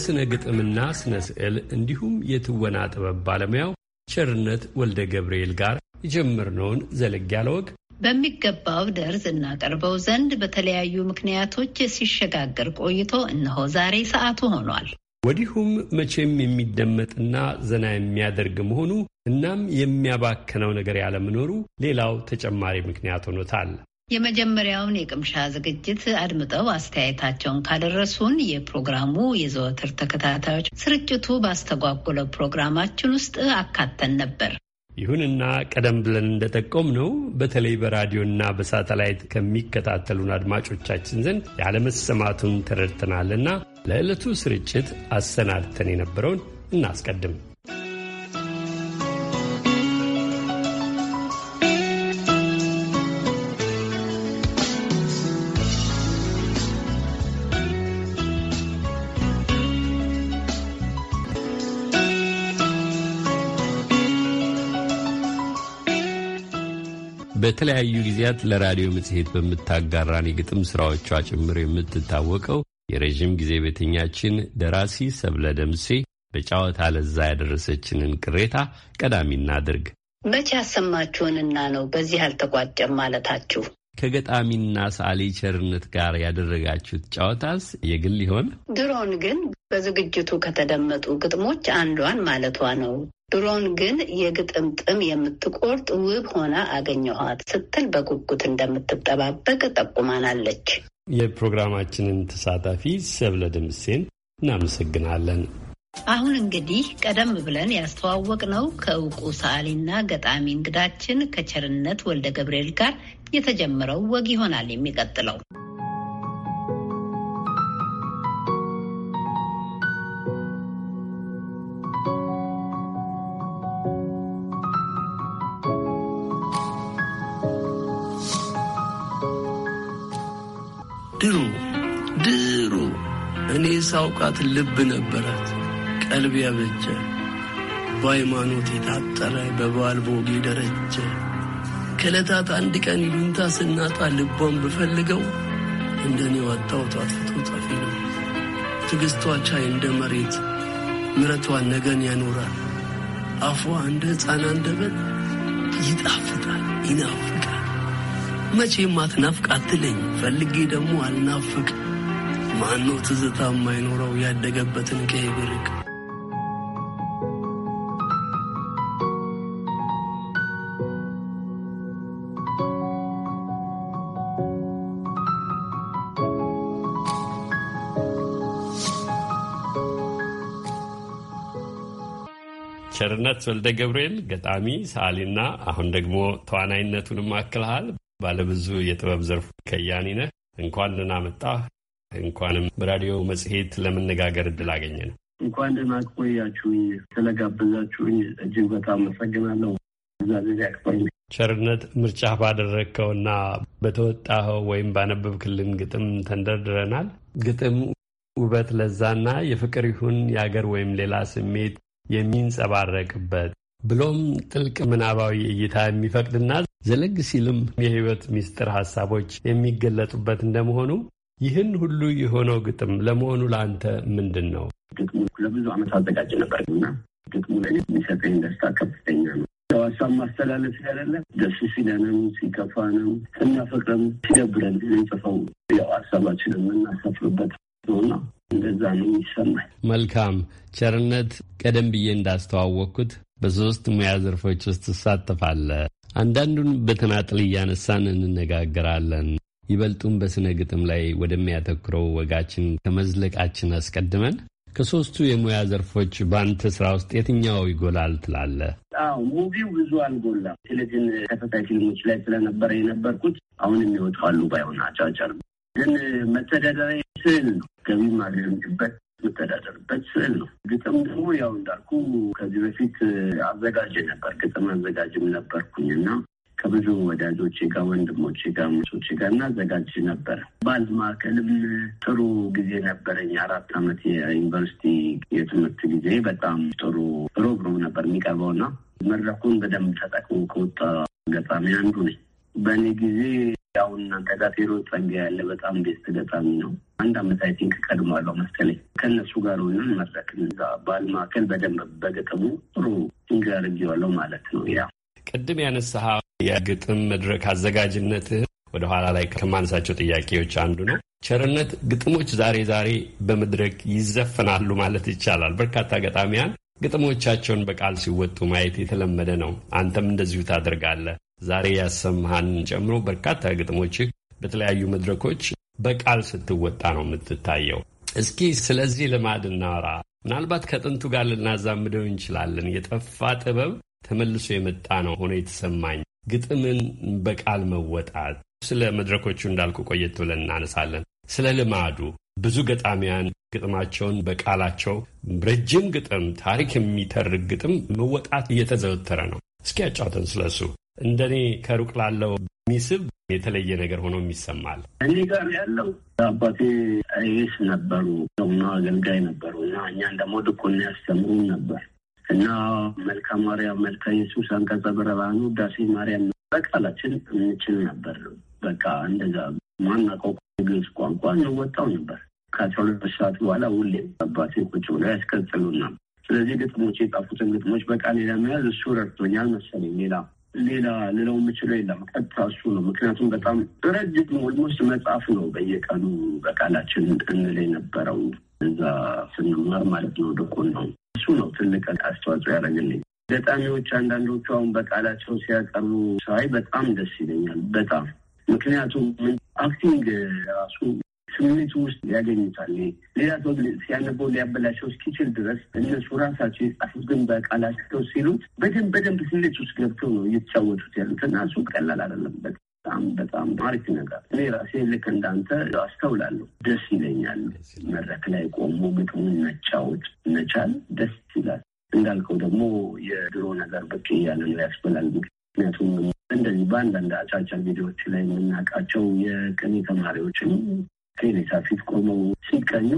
የሥነ ግጥምና ሥነ ስዕል እንዲሁም የትወና ጥበብ ባለሙያው ቸርነት ወልደ ገብርኤል ጋር የጀመርነውን ዘለግ ያለ ወግ በሚገባው ደርዝ እናቀርበው ዘንድ በተለያዩ ምክንያቶች ሲሸጋገር ቆይቶ እነሆ ዛሬ ሰዓቱ ሆኗል። ወዲሁም መቼም የሚደመጥና ዘና የሚያደርግ መሆኑ እናም የሚያባክነው ነገር ያለመኖሩ ሌላው ተጨማሪ ምክንያት ሆኖታል። የመጀመሪያውን የቅምሻ ዝግጅት አድምጠው አስተያየታቸውን ካደረሱን የፕሮግራሙ የዘወትር ተከታታዮች ስርጭቱ ባስተጓጎለው ፕሮግራማችን ውስጥ አካተን ነበር። ይሁንና ቀደም ብለን እንደጠቆም ነው በተለይ በራዲዮና በሳተላይት ከሚከታተሉን አድማጮቻችን ዘንድ ያለመሰማቱን ተረድተናልና ለዕለቱ ስርጭት አሰናድተን የነበረውን እናስቀድም። በተለያዩ ጊዜያት ለራዲዮ መጽሔት በምታጋራን የግጥም ስራዎቿ ጭምር የምትታወቀው የረዥም ጊዜ ቤተኛችን ደራሲ ሰብለ ደምሴ በጨዋታ ለዛ ያደረሰችንን ቅሬታ ቀዳሚ እናድርግ። መቼ ያሰማችሁንና ነው በዚህ አልተቋጨም ማለታችሁ? ከገጣሚና ሰዓሊ ቸርነት ጋር ያደረጋችሁት ጨዋታስ የግል ይሆን? ድሮን ግን በዝግጅቱ ከተደመጡ ግጥሞች አንዷን ማለቷ ነው። ድሮን ግን የግጥምጥም የምትቆርጥ ውብ ሆና አገኘኋት ስትል በጉጉት እንደምትጠባበቅ ጠቁማናለች። የፕሮግራማችንን ተሳታፊ ሰብለ ድምሴን እናመሰግናለን። አሁን እንግዲህ ቀደም ብለን ያስተዋወቅ ነው። ከእውቁ ሰዓሊና ገጣሚ እንግዳችን ከቸርነት ወልደ ገብርኤል ጋር የተጀመረው ወግ ይሆናል የሚቀጥለው። ድሩ! ድሩ እኔ ሳውቃት ልብ ነበራት፣ ቀልብ ያበጀ በሃይማኖት የታጠረ በበዓል ቦጌ ደረጀ ከዕለታት አንድ ቀን ይሉንታ ስናጣ ልቧን ብፈልገው እንደ እኔ ዋጣሁት አጥፍቶ ጠፊ ነው። ትዕግሥቷ ቻይ እንደ መሬት፣ ምረቷ ነገን ያኖራል። አፏ እንደ ሕፃን አንደበት ይጣፍጣል፣ ይናፍቃል። መቼም አትናፍቅ አትለኝ ፈልጌ ደግሞ አልናፍቅ ማነው ትዝታ የማይኖረው ያደገበትን ቀይ ብርቅ ቸርነት ወልደ ገብርኤል ገጣሚ፣ ሰዓሊና አሁን ደግሞ ተዋናይነቱን አክልሃል። ባለብዙ የጥበብ ዘርፍ ከያኒ ነህ። እንኳን ደህና መጣህ። እንኳንም በራዲዮ መጽሔት ለመነጋገር እድል ነው። እንኳን ደህና ቆያችሁኝ። ስለጋበዛችሁኝ እጅግ በጣም አመሰግናለሁ። ቸርነት ምርጫ ባደረግከውና በተወጣኸው ወይም ባነበብክልን ግጥም ተንደርድረናል። ግጥም ውበት፣ ለዛና የፍቅር ይሁን የአገር ወይም ሌላ ስሜት የሚንጸባረቅበት ብሎም ጥልቅ ምናባዊ እይታ የሚፈቅድና ዘለግ ሲልም የህይወት ምስጢር ሐሳቦች የሚገለጡበት እንደመሆኑ ይህን ሁሉ የሆነው ግጥም ለመሆኑ ለአንተ ምንድን ነው? ግጥሙ ለብዙ ዓመት አዘጋጅ ነበር እና ግጥሙ የሚሰጠኝ ደስታ ከፍተኛ ነው። ያው ሀሳብ ማስተላለፍ ስለሌለ ደስ ሲለንም ሲከፋንም ስናፈቅረም ሲደብረን ልንጽፈው ያው ሀሳባችንን የምናሰፍርበት ነውና እንደዛ ነው የሚሰማኝ። መልካም ቸርነት፣ ቀደም ብዬ እንዳስተዋወቅኩት በሶስት ሙያ ዘርፎች ውስጥ ትሳተፋለ። አንዳንዱን በተናጥል እያነሳን እንነጋገራለን። ይበልጡን በስነ ግጥም ላይ ወደሚያተኩረው ወጋችን ከመዝለቃችን አስቀድመን ከሶስቱ የሙያ ዘርፎች በአንተ ስራ ውስጥ የትኛው ይጎላል ትላለ? አዎ ሙቪው ብዙ አልጎላም። ቴሌቪዥን ተከታታይ ፊልሞች ላይ ስለነበረ የነበርኩት አሁንም ይወጣሉ ባይሆን አጫጫር ግን መተዳደሪያ ስዕል ነው። ገቢ ማገኝበት የምተዳደርበት ስዕል ነው። ግጥም ደግሞ ያው እንዳልኩ ከዚህ በፊት አዘጋጅ ነበር፣ ግጥም አዘጋጅም ነበርኩኝ እና ከብዙ ወዳጆቼ ጋር ወንድሞቼ ጋር ምሶቼ ጋር እናዘጋጅ ነበር። በአንድ ማዕከልም ጥሩ ጊዜ ነበረኝ። አራት ዓመት የዩኒቨርሲቲ የትምህርት ጊዜ በጣም ጥሩ ፕሮግራም ነበር የሚቀርበውና መድረኩን በደንብ ተጠቅሞ ከወጣ ገጣሚ አንዱ ነኝ። በእኔ ጊዜ አሁን እናንተ ጋር ቴሮ ጸጋ ያለ በጣም ቤስት ገጣሚ ነው። አንድ አመት አይ ቲንክ ቀድሟለሁ መሰለኝ። ከእነሱ ጋር ሆነን መድረክን እዛ ባል ማዕከል በደንብ በገጠሙ ጥሩ ሲንግል አድርጌዋለሁ ማለት ነው። ያ ቅድም ያነሳሃ የግጥም መድረክ አዘጋጅነትህ ወደ ኋላ ላይ ከማነሳቸው ጥያቄዎች አንዱ ነው። ቸርነት ግጥሞች ዛሬ ዛሬ በመድረክ ይዘፈናሉ ማለት ይቻላል። በርካታ ገጣሚያን ግጥሞቻቸውን በቃል ሲወጡ ማየት የተለመደ ነው። አንተም እንደዚሁ ታደርጋለህ። ዛሬ ያሰማሃን ጨምሮ በርካታ ግጥሞች በተለያዩ መድረኮች በቃል ስትወጣ ነው የምትታየው። እስኪ ስለዚህ ልማድ እናወራ። ምናልባት ከጥንቱ ጋር ልናዛምደው እንችላለን። የጠፋ ጥበብ ተመልሶ የመጣ ነው ሆኖ የተሰማኝ ግጥምን በቃል መወጣት። ስለ መድረኮቹ እንዳልኩ ቆየት ብለን እናነሳለን። ስለ ልማዱ ብዙ ገጣሚያን ግጥማቸውን በቃላቸው ረጅም ግጥም፣ ታሪክ የሚተርክ ግጥም መወጣት እየተዘወተረ ነው። እስኪ ያጫውተን ስለሱ። እንደኔ ከሩቅ ላለው ሚስብ የተለየ ነገር ሆኖ ይሰማል። እኔ ጋር ያለው አባቴ አይስ ነበሩ እና አገልጋይ ነበሩ እና እኛን ደግሞ ድቁና ያስተምሩ ነበር እና መልካ ማርያም፣ መልካ ኢየሱስ፣ አንቀጸ ብርሃኑ፣ ዳሴ ማርያም በቃላችን እንችል ነበር። በቃ እንደዛ ማናውቀው ግዕዝ ቋንቋ እንወጣው ነበር። ከአስራ ሁለት ሰዓት በኋላ ሁሌም አባቴ ቁጭ ብሎ ያስቀጥሉና ስለዚህ ግጥሞች የጻፉትን ግጥሞች በቃሌ ለመያዝ እሱ ረድቶኛል መሰለኝ ሌላ ሌላ ልለው የምችለው የለም። ቀጥታ እሱ ነው። ምክንያቱም በጣም ረጅም ኦልሞስት መጽሐፍ ነው በየቀኑ በቃላችን እንል የነበረው እዛ ስንማር ማለት ነው። ድቁን ነው እሱ ነው ትልቅ አስተዋጽኦ ያደረግልኝ። ገጣሚዎች አንዳንዶቹ አሁን በቃላቸው ሲያቀርቡ ሳይ በጣም ደስ ይለኛል። በጣም ምክንያቱም አክቲንግ ራሱ ስሜቱ ውስጥ ያገኙታል። ሌላ ሰው ሲያነበው ሊያበላሸው እስኪችል ድረስ እነሱ ራሳቸው የጻፉት ግን በቃል አሽተው ሲሉት በደንብ በደንብ ስሜት ውስጥ ገብተው ነው እየተጫወቱት ያሉት እና እሱ ቀላል አይደለም። በጣም በጣም አሪፍ ነገር። እኔ ራሴ ልክ እንዳንተ አስተውላለሁ። ደስ ይለኛል። መድረክ ላይ ቆሞ ግጥሙን መጫወት መቻል ደስ ይላል። እንዳልከው ደግሞ የድሮ ነገር ብቅ እያለ ነው ያስበላል። ምክንያቱም እንደዚህ በአንዳንድ አጫጭር ቪዲዮዎች ላይ የምናውቃቸው የቅኔ ተማሪዎችን ቴሬሳ ፊት ቆመው ሲቀኙ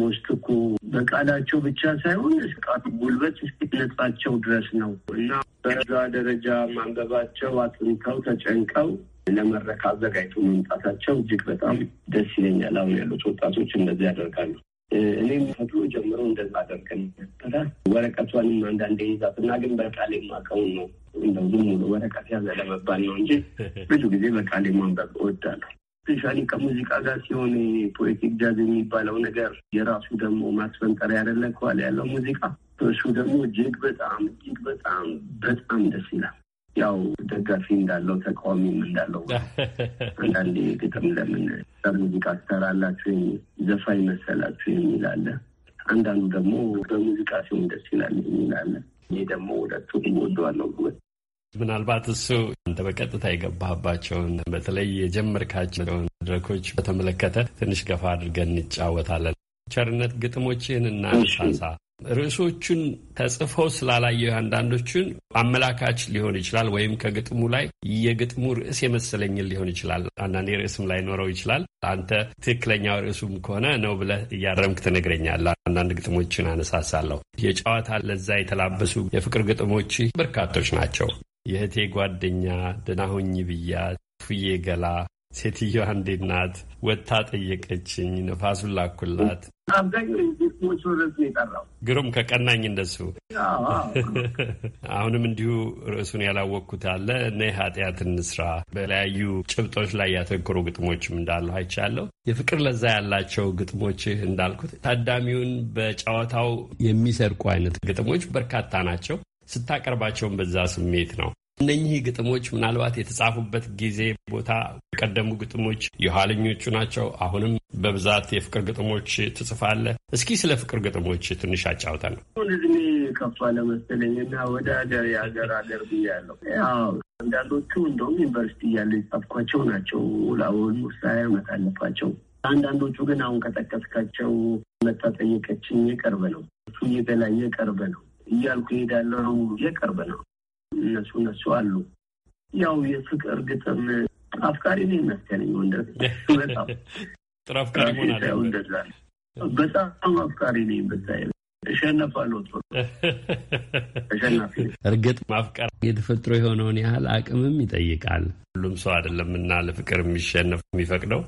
ሞስት እኮ በቃላቸው ብቻ ሳይሆን እስቃት ጉልበት እስኪነጥፋቸው ድረስ ነው እና በዛ ደረጃ ማንበባቸው አጥንተው ተጨንቀው ለመረክ አዘጋጅቶ መምጣታቸው እጅግ በጣም ደስ ይለኛል። አሁን ያሉት ወጣቶች እንደዚህ ያደርጋሉ። እኔም ፈጥሮ ጀምሮ እንደዛ አደርግ ነበረ። ወረቀቷንም አንዳንዴ ይዛት እና ግን በቃሌ ማቀውን ነው እንደው ዝም ብሎ ወረቀት ያዘ ለመባል ነው እንጂ ብዙ ጊዜ በቃሌ ማንበብ እወዳለሁ። ስፔሻሊ ከሙዚቃ ጋር ሲሆን ፖኤቲክ ጃዝ የሚባለው ነገር የራሱ ደግሞ ማስፈንጠሪያ አይደለ ከኋላ ያለው ሙዚቃ እሱ ደግሞ እጅግ በጣም እጅግ በጣም በጣም ደስ ይላል። ያው ደጋፊ እንዳለው ተቃዋሚም እንዳለው አንዳንዴ ግጥም ለምን ሙዚቃ ትሰራላችሁ የሚል ዘፋኝ መሰላችሁ የሚል አንዳንዱ ደግሞ በሙዚቃ ሲሆን ደስ ይላል የሚላለ። ይህ ደግሞ ሁለቱ ወደዋለው ምናልባት እሱ አንተ በቀጥታ የገባህባቸውን በተለይ የጀመርካቸውን መድረኮች በተመለከተ ትንሽ ገፋ አድርገን እንጫወታለን። ቸርነት ግጥሞችህን እናነሳሳ። ርዕሶቹን ተጽፈው ስላላየሁ አንዳንዶቹን አመላካች ሊሆን ይችላል፣ ወይም ከግጥሙ ላይ የግጥሙ ርዕስ የመሰለኝን ሊሆን ይችላል። አንዳንዴ ርዕስም ላይ ኖረው ይችላል። አንተ ትክክለኛው ርዕሱም ከሆነ ነው ብለህ እያረምክ ትነግረኛለህ። አንዳንድ ግጥሞችን አነሳሳለሁ። የጨዋታ ለዛ የተላበሱ የፍቅር ግጥሞች በርካቶች ናቸው። የእህቴ ጓደኛ ደናሁኝ ብያት ፉዬ ገላ ሴትዮዋ እንዴት ናት ወጥታ ጠየቀችኝ። ነፋሱን ላኩላት። ግሩም ከቀናኝ እንደሱ አሁንም እንዲሁ ርዕሱን ያላወቅኩት አለ እነ ኃጢአት እንስራ በተለያዩ ጭብጦች ላይ ያተኮሩ ግጥሞችም እንዳሉ አይቻለሁ። የፍቅር ለዛ ያላቸው ግጥሞችህ እንዳልኩት ታዳሚውን በጨዋታው የሚሰርቁ አይነት ግጥሞች በርካታ ናቸው። ስታቀርባቸውን በዛ ስሜት ነው። እነኚህ ግጥሞች ምናልባት የተጻፉበት ጊዜ ቦታ የቀደሙ ግጥሞች የኋለኞቹ ናቸው። አሁንም በብዛት የፍቅር ግጥሞች ትጽፋለህ። እስኪ ስለ ፍቅር ግጥሞች ትንሽ አጫውተ ነው። እድሜ እና ወደ ሀገር የሀገር ሀገር ብያለሁ። ያው አንዳንዶቹ እንደውም ዩኒቨርሲቲ እያለ የጻፍኳቸው ናቸው። ላሁን ውሳያ ዓመት አለፋቸው። አንዳንዶቹ ግን አሁን ከጠቀስካቸው መጣ ጠየቀችኝ የቀርበ ነው እሱ እየተለያየ ቀርብ ነው እያልኩ እሄዳለሁ እንጂ ቅርብ ነው። እነሱ እነሱ አሉ። ያው የፍቅር ግጥም አፍቃሪ ነው ይመስለኝ ወንደ በጣም ጥሩ አፍቃሪ በጣም አፍቃሪ ነኝ። በዛ እሸነፋለሁ። እርግጥ ማፍቀር የተፈጥሮ የሆነውን ያህል አቅምም ይጠይቃል። ሁሉም ሰው አይደለም እና ለፍቅር የሚሸነፍ የሚፈቅደው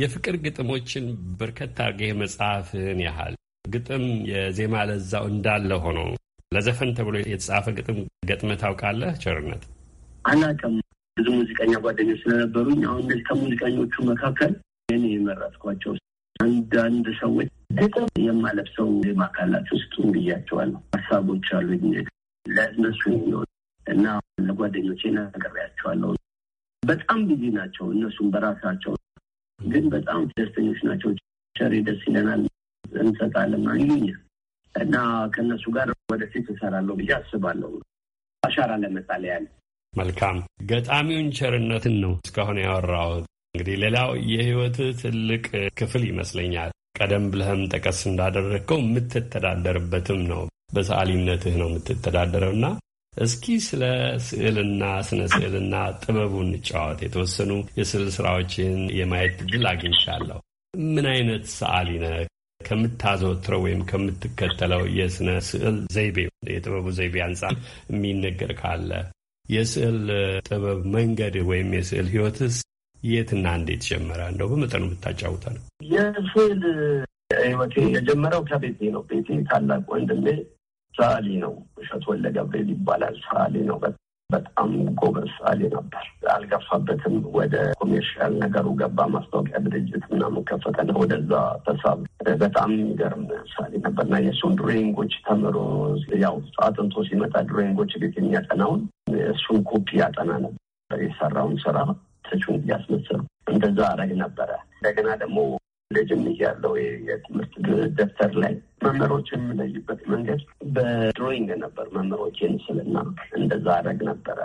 የፍቅር ግጥሞችን በርከት አድርገህ መጽሐፍህን ያህል ግጥም የዜማ ለዛው እንዳለ ሆኖ ለዘፈን ተብሎ የተጻፈ ግጥም ገጥመ ታውቃለህ? ቸርነት አናውቅም። ብዙ ሙዚቀኛ ጓደኞች ስለነበሩኝ አሁን እነዚህ ከሙዚቀኞቹ መካከል እኔ የመረጥኳቸው አንዳንድ ሰዎች ግጥም የማለብሰው ማካላት ካላቸው ስጡን ብያቸዋለሁ። ሀሳቦች አሉኝ ለእነሱ የሚሆን እና ለጓደኞቼ ነግሬያቸዋለሁ። በጣም ቢዚ ናቸው እነሱም በራሳቸው ግን በጣም ደስተኞች ናቸው። ቸሬ ደስ ይለናል እንሰጣለን አዩኛል እና ከእነሱ ጋር ወደፊት እሰራለሁ ብዬ አስባለሁ። አሻራ ለመጣል ያለ መልካም ገጣሚውን ቸርነትን ነው እስካሁን ያወራሁት። እንግዲህ ሌላው የህይወት ትልቅ ክፍል ይመስለኛል። ቀደም ብለህም ጠቀስ እንዳደረግከው የምትተዳደርበትም ነው። በሰዓሊነትህ ነው የምትተዳደረው እና እስኪ ስለ ስዕልና ስነ ስዕልና ጥበቡ እንጫወት። የተወሰኑ የስዕል ስራዎችን የማየት ድል አግኝቻለሁ። ምን አይነት ሰዓሊ ነህ? ከምታዘወትረው ወይም ከምትከተለው የስነ ስዕል ዘይቤ የጥበቡ ዘይቤ አንጻር የሚነገር ካለ የስዕል ጥበብ መንገድ ወይም የስዕል ህይወትስ የትና እንዴት ጀመረ? እንደው በመጠኑ የምታጫውተ ነው። የስዕል ህይወቴ የጀመረው ከቤቴ ነው። ቤቴ ታላቅ ወንድሜ ሳሊ ነው፣ እሸት ወልደ ይባላል። ሳሊ ነው። በጣም ጎበዝ ሰዓሊ ነበር። አልገፋበትም። ወደ ኮሜርሻል ነገሩ ገባ። ማስታወቂያ ድርጅት ምናምን ከፈተና ወደዛ ተሳብ። በጣም የሚገርም ሰዓሊ ነበር እና የእሱን ድሮይንጎች ተምሮ ያው አጥንቶ ሲመጣ ድሮይንጎች ቤት የሚያጠናውን እሱን ኮፒ ያጠና ነበር። የሰራውን ስራ ተቹን እያስመሰሉ እንደዛ አረግ ነበረ። እንደገና ደግሞ ልጅም እያለሁ የትምህርት ደብተር ላይ መምህሮችን የምለይበት መንገድ በድሮይንግ ነበር። መምህሮቼን ስልና እንደዛ አደርግ ነበረ።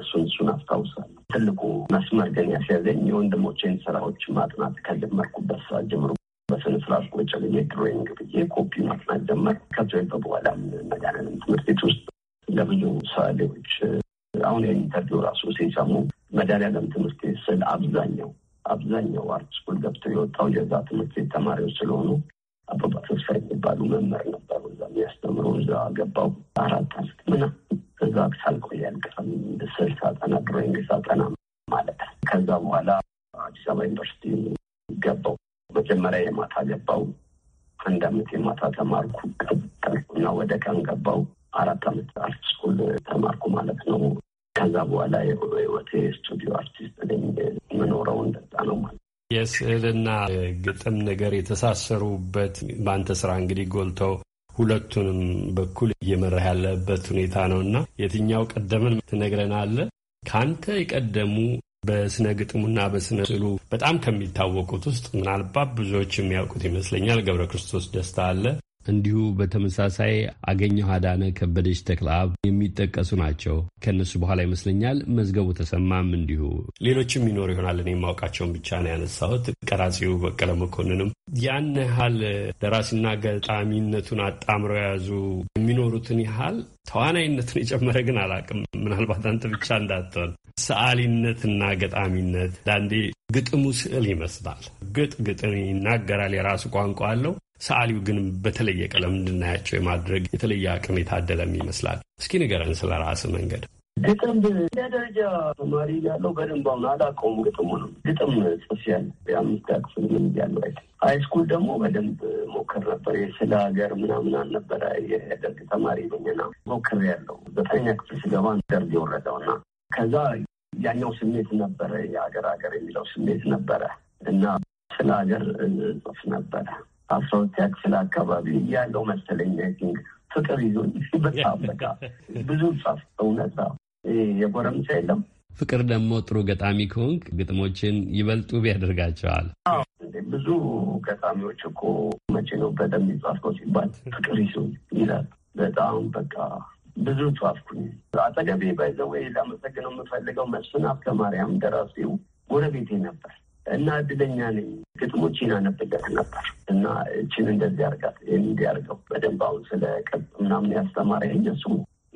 እሱን እሱን አስታውሳለሁ። ትልቁ መስመር ግን ያስያዘኝ የወንድሞቼን ስራዎች ማጥናት ከጀመርኩበት ስራ ጀምሮ በስነ ስርዓት ቁጭ ብዬ ድሮይንግ ብዬ ኮፒ ማጥናት ጀመር። ከዚያ በኋላም መድኃኒዓለም ትምህርት ቤት ውስጥ ለብዙ ሰዓሊዎች አሁን የኢንተርቪው ራሱ ሲሰሙ መድኃኒዓለም ትምህርት ቤት ስል አብዛኛው አብዛኛው አርት ስኩል ገብተው የወጣው የዛ ትምህርት ቤት ተማሪዎች ስለሆኑ አባባ ተስፋ የሚባሉ መምህር ነበሩ። እዛ የሚያስተምሩ እዛ ገባው አራት አመት ምና እዛ ሳልቆይ አልቀረም። ስል ሳጠና ድሮይንግ ሳጠና ማለት ነው። ከዛ በኋላ አዲስ አበባ ዩኒቨርሲቲ ገባው። መጀመሪያ የማታ ገባው። አንድ አመት የማታ ተማርኩ ቀጠልኩ እና ወደ ቀን ገባው። አራት አመት አርት ስኩል ተማርኩ ማለት ነው። ከዛ በኋላ የህይወቴ ስቱዲዮ አርቲስት ነኝ። የምኖረው እንደዛ ነው ማለት የስዕልና ግጥም ነገር የተሳሰሩበት በአንተ ስራ እንግዲህ ጎልተው ሁለቱንም በኩል እየመራህ ያለበት ሁኔታ ነው እና የትኛው ቀደምን ትነግረናለህ? ከአንተ የቀደሙ በስነ ግጥሙና በስነ ስዕሉ በጣም ከሚታወቁት ውስጥ ምናልባት ብዙዎች የሚያውቁት ይመስለኛል ገብረ ክርስቶስ ደስታ አለ። እንዲሁ በተመሳሳይ አገኘሁ አዳነ፣ ከበደች ተክለአብ የሚጠቀሱ ናቸው። ከእነሱ በኋላ ይመስለኛል መዝገቡ ተሰማም እንዲሁ ሌሎችም ይኖሩ ይሆናል። እኔ የማውቃቸውን ብቻ ነው ያነሳሁት። ቀራጺው በቀለ መኮንንም ያን ያህል ደራሲና ገጣሚነቱን አጣምረው የያዙ የሚኖሩትን ያህል ተዋናይነቱን የጨመረ ግን አላቅም። ምናልባት አንተ ብቻ እንዳትሆን ሰዓሊነትና ገጣሚነት ለአንዴ ግጥሙ ስዕል ይመስላል። ግጥ ግጥን ይናገራል፣ የራሱ ቋንቋ አለው። ሰዓሊው ግን በተለየ ቀለም እንድናያቸው የማድረግ የተለየ አቅም የታደለም ይመስላል። እስኪ ንገረን ስለ ራስ መንገድ። ግጥም ደረጃ ተማሪ ያለው በደንብ አሁን አላውቀውም። ግጥሙ ነው ግጥም ጽፍ ያለ የአምስት ክፍል ምን እያሉ አይ ሃይስኩል ደግሞ በደንብ ሞከር ነበር። ስለ ሀገር ምናምን አልነበረ የደርግ ተማሪ ነኝና ሞከር ያለው ዘጠኛ ክፍል ስገባ ደርግ የወረደው እና ከዛ ያኛው ስሜት ነበረ የሀገር ሀገር የሚለው ስሜት ነበረ እና ስለ ሀገር ጽፍ ነበረ አስራዎቻ ክፍል አካባቢ እያለው መሰለኝ ቲንግ ፍቅር ይዞ በጣም በቃ ብዙ ጻፍ እውነት የጎረምሳ የለም። ፍቅር ደግሞ ጥሩ ገጣሚ ከሆንክ ግጥሞችን ይበልጡ ቢያደርጋቸዋል። ብዙ ገጣሚዎች እኮ መቼ ነው በደንብ የሚጻፈው ሲባል ፍቅር ይዞ ይላል። በጣም በቃ ብዙ ጻፍኩኝ። አጠገቤ ባይዘወይ ላመሰግነው የምፈልገው መስፍን ሀብተማርያም ደራሲው ጎረቤቴ ነበር። እና እድለኛ ነኝ። ግጥሞችን አነብለት ነበር እና እችን እንደዚህ አርጋት እንዲያርገው በደንብ አሁን ስለ ቅጥ ምናምን ያስተማረኝ እሱ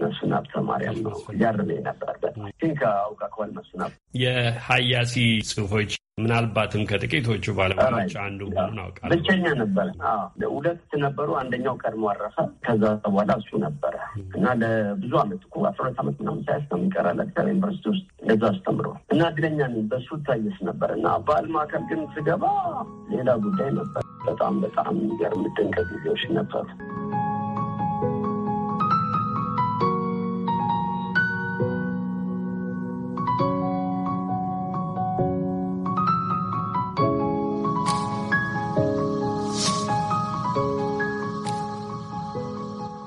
መስፍን ሀብተ ማርያም ነው እያረመ የነበርበት ቲንክ አውቃ ከሆነ መስፍን ሀብተ የሀያሲ ጽሁፎች ምናልባትም ከጥቂቶቹ ባለሙያዎች አንዱ መሆኑን አውቃለሁ። ብቸኛ ነበረ። ሁለት ነበሩ። አንደኛው ቀድሞ አረፈ። ከዛ በኋላ እሱ ነበረ እና ለብዙ አመት እኮ አስራ ሁለት አመት ምናምን ሳያስተምር ቀረ። ለአዲስ ዩኒቨርሲቲ ውስጥ እንደዛ አስተምሮ እና እድለኛ በሱ ታየስ ነበር እና በአል ማዕከል ግን ስገባ ሌላ ጉዳይ ነበር። በጣም በጣም የሚገርም ድንቅ ጊዜዎች ነበሩ።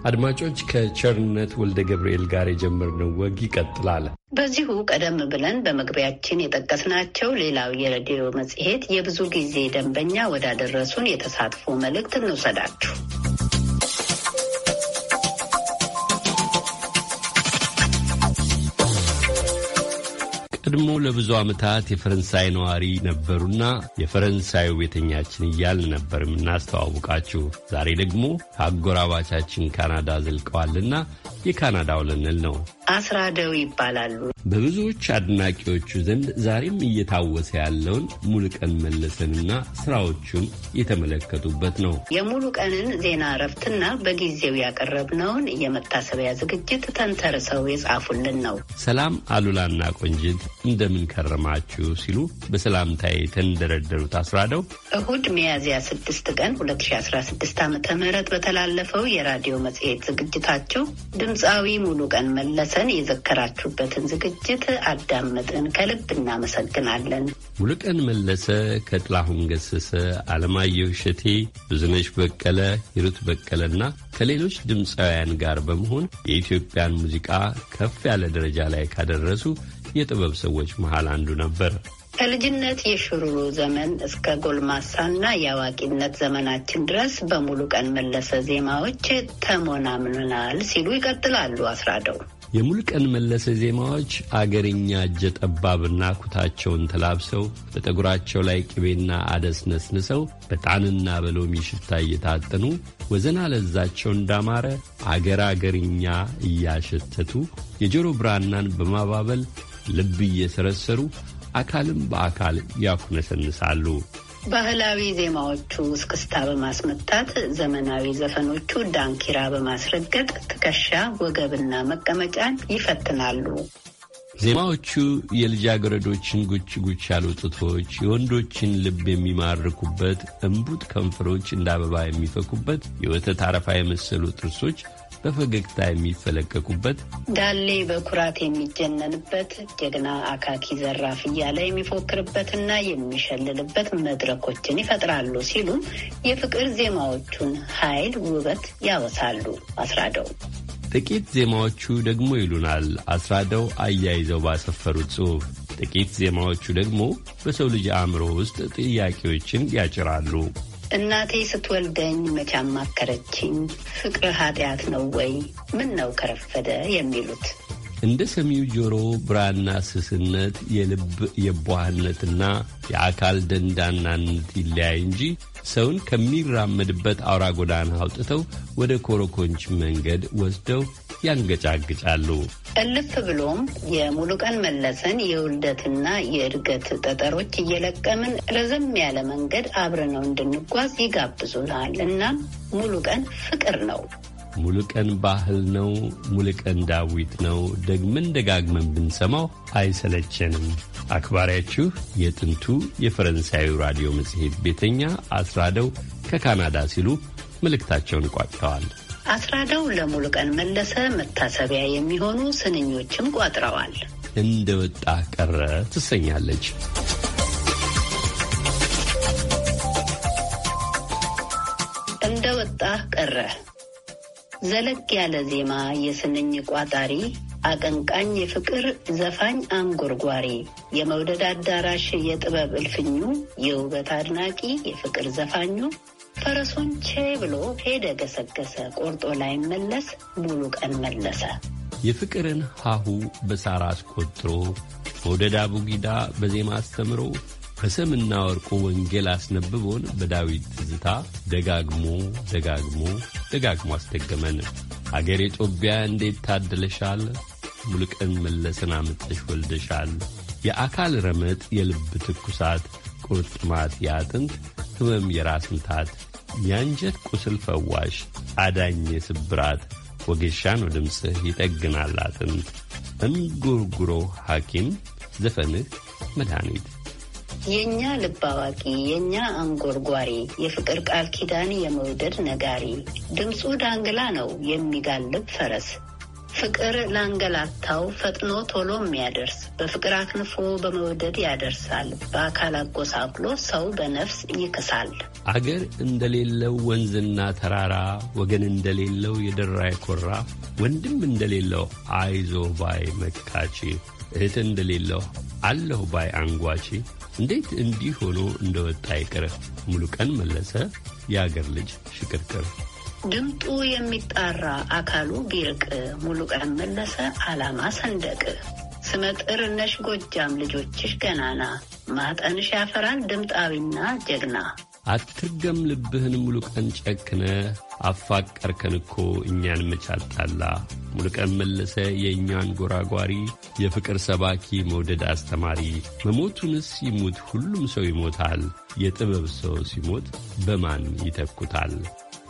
አድማጮች ከቸርነት ወልደ ገብርኤል ጋር የጀመርነው ወግ ይቀጥላል። በዚሁ ቀደም ብለን በመግቢያችን የጠቀስናቸው ሌላው የሬዲዮ መጽሔት የብዙ ጊዜ ደንበኛ ወዳደረሱን የተሳትፎ መልእክት እንውሰዳችሁ። ቀድሞ ለብዙ ዓመታት የፈረንሳይ ነዋሪ ነበሩና የፈረንሳዩ ቤተኛችን እያልን ነበር የምናስተዋውቃችሁ። ዛሬ ደግሞ ከአጎራባቻችን ካናዳ ዘልቀዋልና የካናዳው ልንል ነው። አስራደው ይባላሉ። በብዙዎች አድናቂዎቹ ዘንድ ዛሬም እየታወሰ ያለውን ሙሉቀን መለሰንና ስራዎቹን የተመለከቱበት ነው። የሙሉቀንን ዜና እረፍትና በጊዜው ያቀረብነውን የመታሰቢያ ዝግጅት ተንተርሰው የጻፉልን ነው። ሰላም አሉላና ቆንጅት እንደምን ከረማችሁ ሲሉ በሰላምታ የተንደረደሩት አስራደው እሁድ ሚያዝያ 6 ቀን 2016 ዓ ምህረት በተላለፈው የራዲዮ መጽሔት ዝግጅታቸው ድምፃዊ ሙሉቀን መለሰን የዘከራችሁበትን ዝግጅት አዳመጥን። ከልብ እናመሰግናለን። ሙሉቀን መለሰ ከጥላሁን ገሰሰ፣ አለማየሁ እሸቴ፣ ብዙነሽ በቀለ፣ ሂሩት በቀለና ከሌሎች ድምፃውያን ጋር በመሆን የኢትዮጵያን ሙዚቃ ከፍ ያለ ደረጃ ላይ ካደረሱ የጥበብ ሰዎች መሃል አንዱ ነበር። ከልጅነት የሽሩሩ ዘመን እስከ ጎልማሳና የአዋቂነት ዘመናችን ድረስ በሙሉ ቀን መለሰ ዜማዎች ተሞናምንናል ሲሉ ይቀጥላሉ አስራደው። ቀን መለሰ ዜማዎች አገርኛ እጀ ጠባብና ኩታቸውን ተላብሰው በጠጉራቸው ላይ ቅቤና አደስ ነስንሰው በጣንና በሎሚ ሽታ እየታጠኑ ወዘና ለዛቸው እንዳማረ አገር አገርኛ እያሸተቱ የጆሮ ብራናን በማባበል ልብ እየሰረሰሩ አካልም በአካል ያኩነሰንሳሉ። ባህላዊ ዜማዎቹ እስክስታ በማስመታት ዘመናዊ ዘፈኖቹ ዳንኪራ በማስረገጥ ትከሻ ወገብና መቀመጫን ይፈትናሉ። ዜማዎቹ የልጃገረዶችን ጉች ጉች ያሉ ጡቶች፣ የወንዶችን ልብ የሚማርኩበት እምቡጥ ከንፈሮች፣ እንደ አበባ የሚፈኩበት የወተት አረፋ የመሰሉ ጥርሶች በፈገግታ የሚፈለቀቁበት ዳሌ በኩራት የሚጀነንበት ጀግና አካኪ ዘራፍ እያለ የሚፎክርበትና የሚሸልልበት መድረኮችን ይፈጥራሉ ሲሉም የፍቅር ዜማዎቹን ኃይል ውበት ያወሳሉ። አስራደው ጥቂት ዜማዎቹ ደግሞ ይሉናል አስራደው አያይዘው ባሰፈሩት ጽሑፍ ጥቂት ዜማዎቹ ደግሞ በሰው ልጅ አእምሮ ውስጥ ጥያቄዎችን ያጭራሉ። እናቴ ስትወልደኝ መቼ አማከረችኝ፣ ፍቅር ኃጢአት ነው ወይ ምን ነው ከረፈደ የሚሉት እንደ ሰሚው ጆሮ ብራና ስስነት፣ የልብ የቧህነትና የአካል ደንዳናነት ይለያይ እንጂ ሰውን ከሚራመድበት አውራ ጎዳና አውጥተው ወደ ኮረኮንች መንገድ ወስደው ያንገጫግጫሉ። እልፍ ብሎም የሙሉቀን መለሰን የውልደትና የእድገት ጠጠሮች እየለቀምን ረዘም ያለ መንገድ አብረነው እንድንጓዝ ይጋብዙናል። እናም ሙሉቀን ፍቅር ነው። ሙሉቀን ባህል ነው፣ ሙልቀን ዳዊት ነው። ደግመን ደጋግመን ብንሰማው አይሰለቸንም። አክባሪያችሁ የጥንቱ የፈረንሳዩ ራዲዮ መጽሔት ቤተኛ አስራደው ከካናዳ ሲሉ መልእክታቸውን ቋጥተዋል። አስራደው ለሙሉቀን መለሰ መታሰቢያ የሚሆኑ ስንኞችም ቋጥረዋል። እንደ ወጣ ቀረ ትሰኛለች። እንደ ወጣ ቀረ ዘለቅ ያለ ዜማ የስንኝ ቋጣሪ አቀንቃኝ የፍቅር ዘፋኝ አንጎርጓሪ የመውደድ አዳራሽ የጥበብ እልፍኙ የውበት አድናቂ የፍቅር ዘፋኙ ፈረሱን ቼ ብሎ ሄደ ገሰገሰ ቆርጦ ላይ መለስ ሙሉ ቀን መለሰ የፍቅርን ሀሁ በሳር አስቆጥሮ መውደድ አቡጊዳ በዜማ አስተምሮ ከሰምና ወርቁ ወንጌል አስነብቦን በዳዊት ትዝታ ደጋግሞ ደጋግሞ ደጋግሞ አስደገመን። አገር ኢትዮጵያ እንዴት ታድለሻል፣ ሙልቅን መለስን አምጠሽ ወልደሻል። የአካል ረመጥ፣ የልብ ትኩሳት፣ ቁርጥማት፣ የአጥንት ህመም፣ የራስ ምታት፣ የአንጀት ቁስል ፈዋሽ፣ አዳኝ የስብራት ወገሻን ድምፅህ ይጠግናል አጥንት፣ እንጉርጉሮ ሐኪም፣ ዘፈንህ መድኃኒት የእኛ ልብ አዋቂ፣ የእኛ አንጎርጓሪ፣ የፍቅር ቃል ኪዳን የመውደድ ነጋሪ፣ ድምፁ ዳንግላ ነው የሚጋልብ ፈረስ ፍቅር ላንገላታው ፈጥኖ ቶሎ የሚያደርስ በፍቅር አክንፎ በመውደድ ያደርሳል። በአካል አጎሳቅሎ ሰው በነፍስ ይክሳል። አገር እንደሌለው ወንዝና ተራራ ወገን እንደሌለው የደራ የኮራ ወንድም እንደሌለው አይዞ ባይ መካቼ እህት እንደሌለው አለሁ ባይ አንጓቼ እንዴት እንዲህ ሆኖ እንደወጣ ይቅር ቀን መለሰ የአገር ልጅ ሽቅርቅር ድምጡ የሚጣራ አካሉ ቢርቅ ቀን መለሰ አላማ ሰንደቅ ስመጥር እነሽ ጎጃም ልጆችሽ ገናና ማጠንሽ ያፈራል ድምጣዊና ጀግና አትርገም ልብህን ሙሉ ቀን ጨክነ አፋቀርከን እኮ እኛን መቻል ሙሉቀን ሙሉ ቀን መለሰ የእኛን ጎራጓሪ የፍቅር ሰባኪ መውደድ አስተማሪ መሞቱንስ ይሙት ሁሉም ሰው ይሞታል የጥበብ ሰው ሲሞት በማን ይተኩታል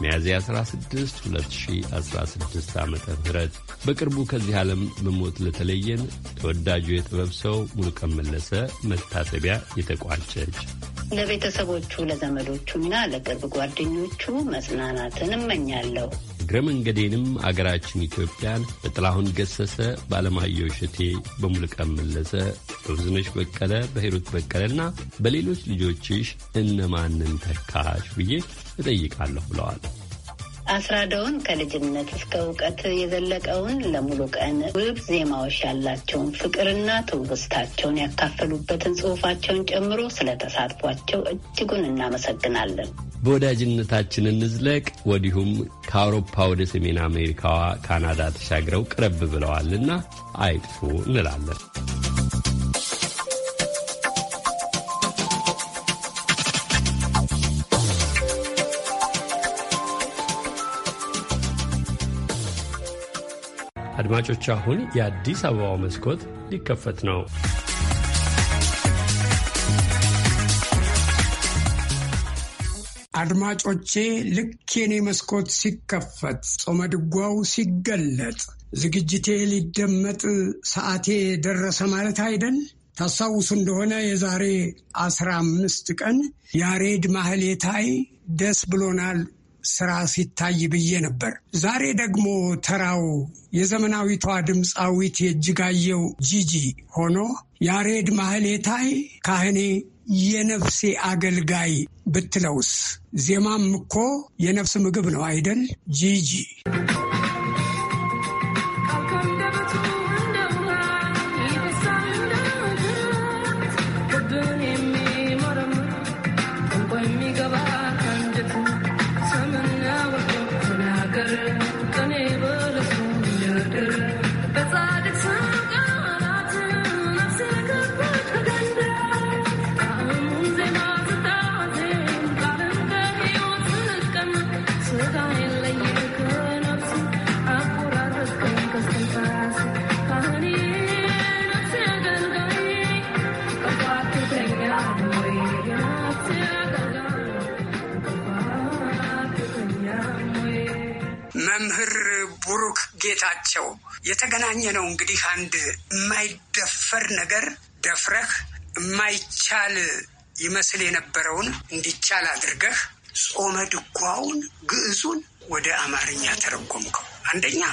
ሚያዝያ 16 2016 ዓ ም በቅርቡ ከዚህ ዓለም በሞት ለተለየን ተወዳጁ የጥበብ ሰው ሙሉቀን መለሰ መታሰቢያ የተቋጨች ለቤተሰቦቹ ለዘመዶቹና ለቅርብ ጓደኞቹ መጽናናትን እመኛለሁ። እግረ መንገዴንም አገራችን ኢትዮጵያን በጥላሁን ገሰሰ፣ በአለማየሁ እሸቴ፣ በሙሉቀን መለሰ፣ በብዝነሽ በቀለ፣ በሂሩት በቀለና በሌሎች ልጆችሽ እነማንን ተካሽ ብዬ እጠይቃለሁ ብለዋል። አስራደውን ከልጅነት እስከ እውቀት የዘለቀውን ለሙሉ ቀን ውብ ዜማዎች ያላቸውን ፍቅርና ትውስታቸውን ያካፈሉበትን ጽሁፋቸውን ጨምሮ ስለተሳትፏቸው እጅጉን እናመሰግናለን። በወዳጅነታችን እንዝለቅ። ወዲሁም ከአውሮፓ ወደ ሰሜን አሜሪካዋ ካናዳ ተሻግረው ቅረብ ብለዋልና አይጥፉ እንላለን። አድማጮች፣ አሁን የአዲስ አበባው መስኮት ሊከፈት ነው። አድማጮቼ፣ ልክ የኔ መስኮት ሲከፈት፣ ጾመ ድጓው ሲገለጥ፣ ዝግጅቴ ሊደመጥ ሰዓቴ ደረሰ ማለት አይደል? ታስታውሱ እንደሆነ የዛሬ አስራ አምስት ቀን ያሬድ ማህሌታይ ደስ ብሎናል ስራ ሲታይ ብዬ ነበር። ዛሬ ደግሞ ተራው የዘመናዊቷ ድምፃዊት የእጅጋየው ጂጂ ሆኖ ያሬድ ማህሌታይ ካህኔ የነፍሴ አገልጋይ ብትለውስ? ዜማም እኮ የነፍስ ምግብ ነው አይደል? ጂጂ ጌታቸው የተገናኘ ነው። እንግዲህ አንድ የማይደፈር ነገር ደፍረህ የማይቻል ይመስል የነበረውን እንዲቻል አድርገህ ጾመ ድጓውን ግዕዙን ወደ አማርኛ ተረጎምከው። አንደኛ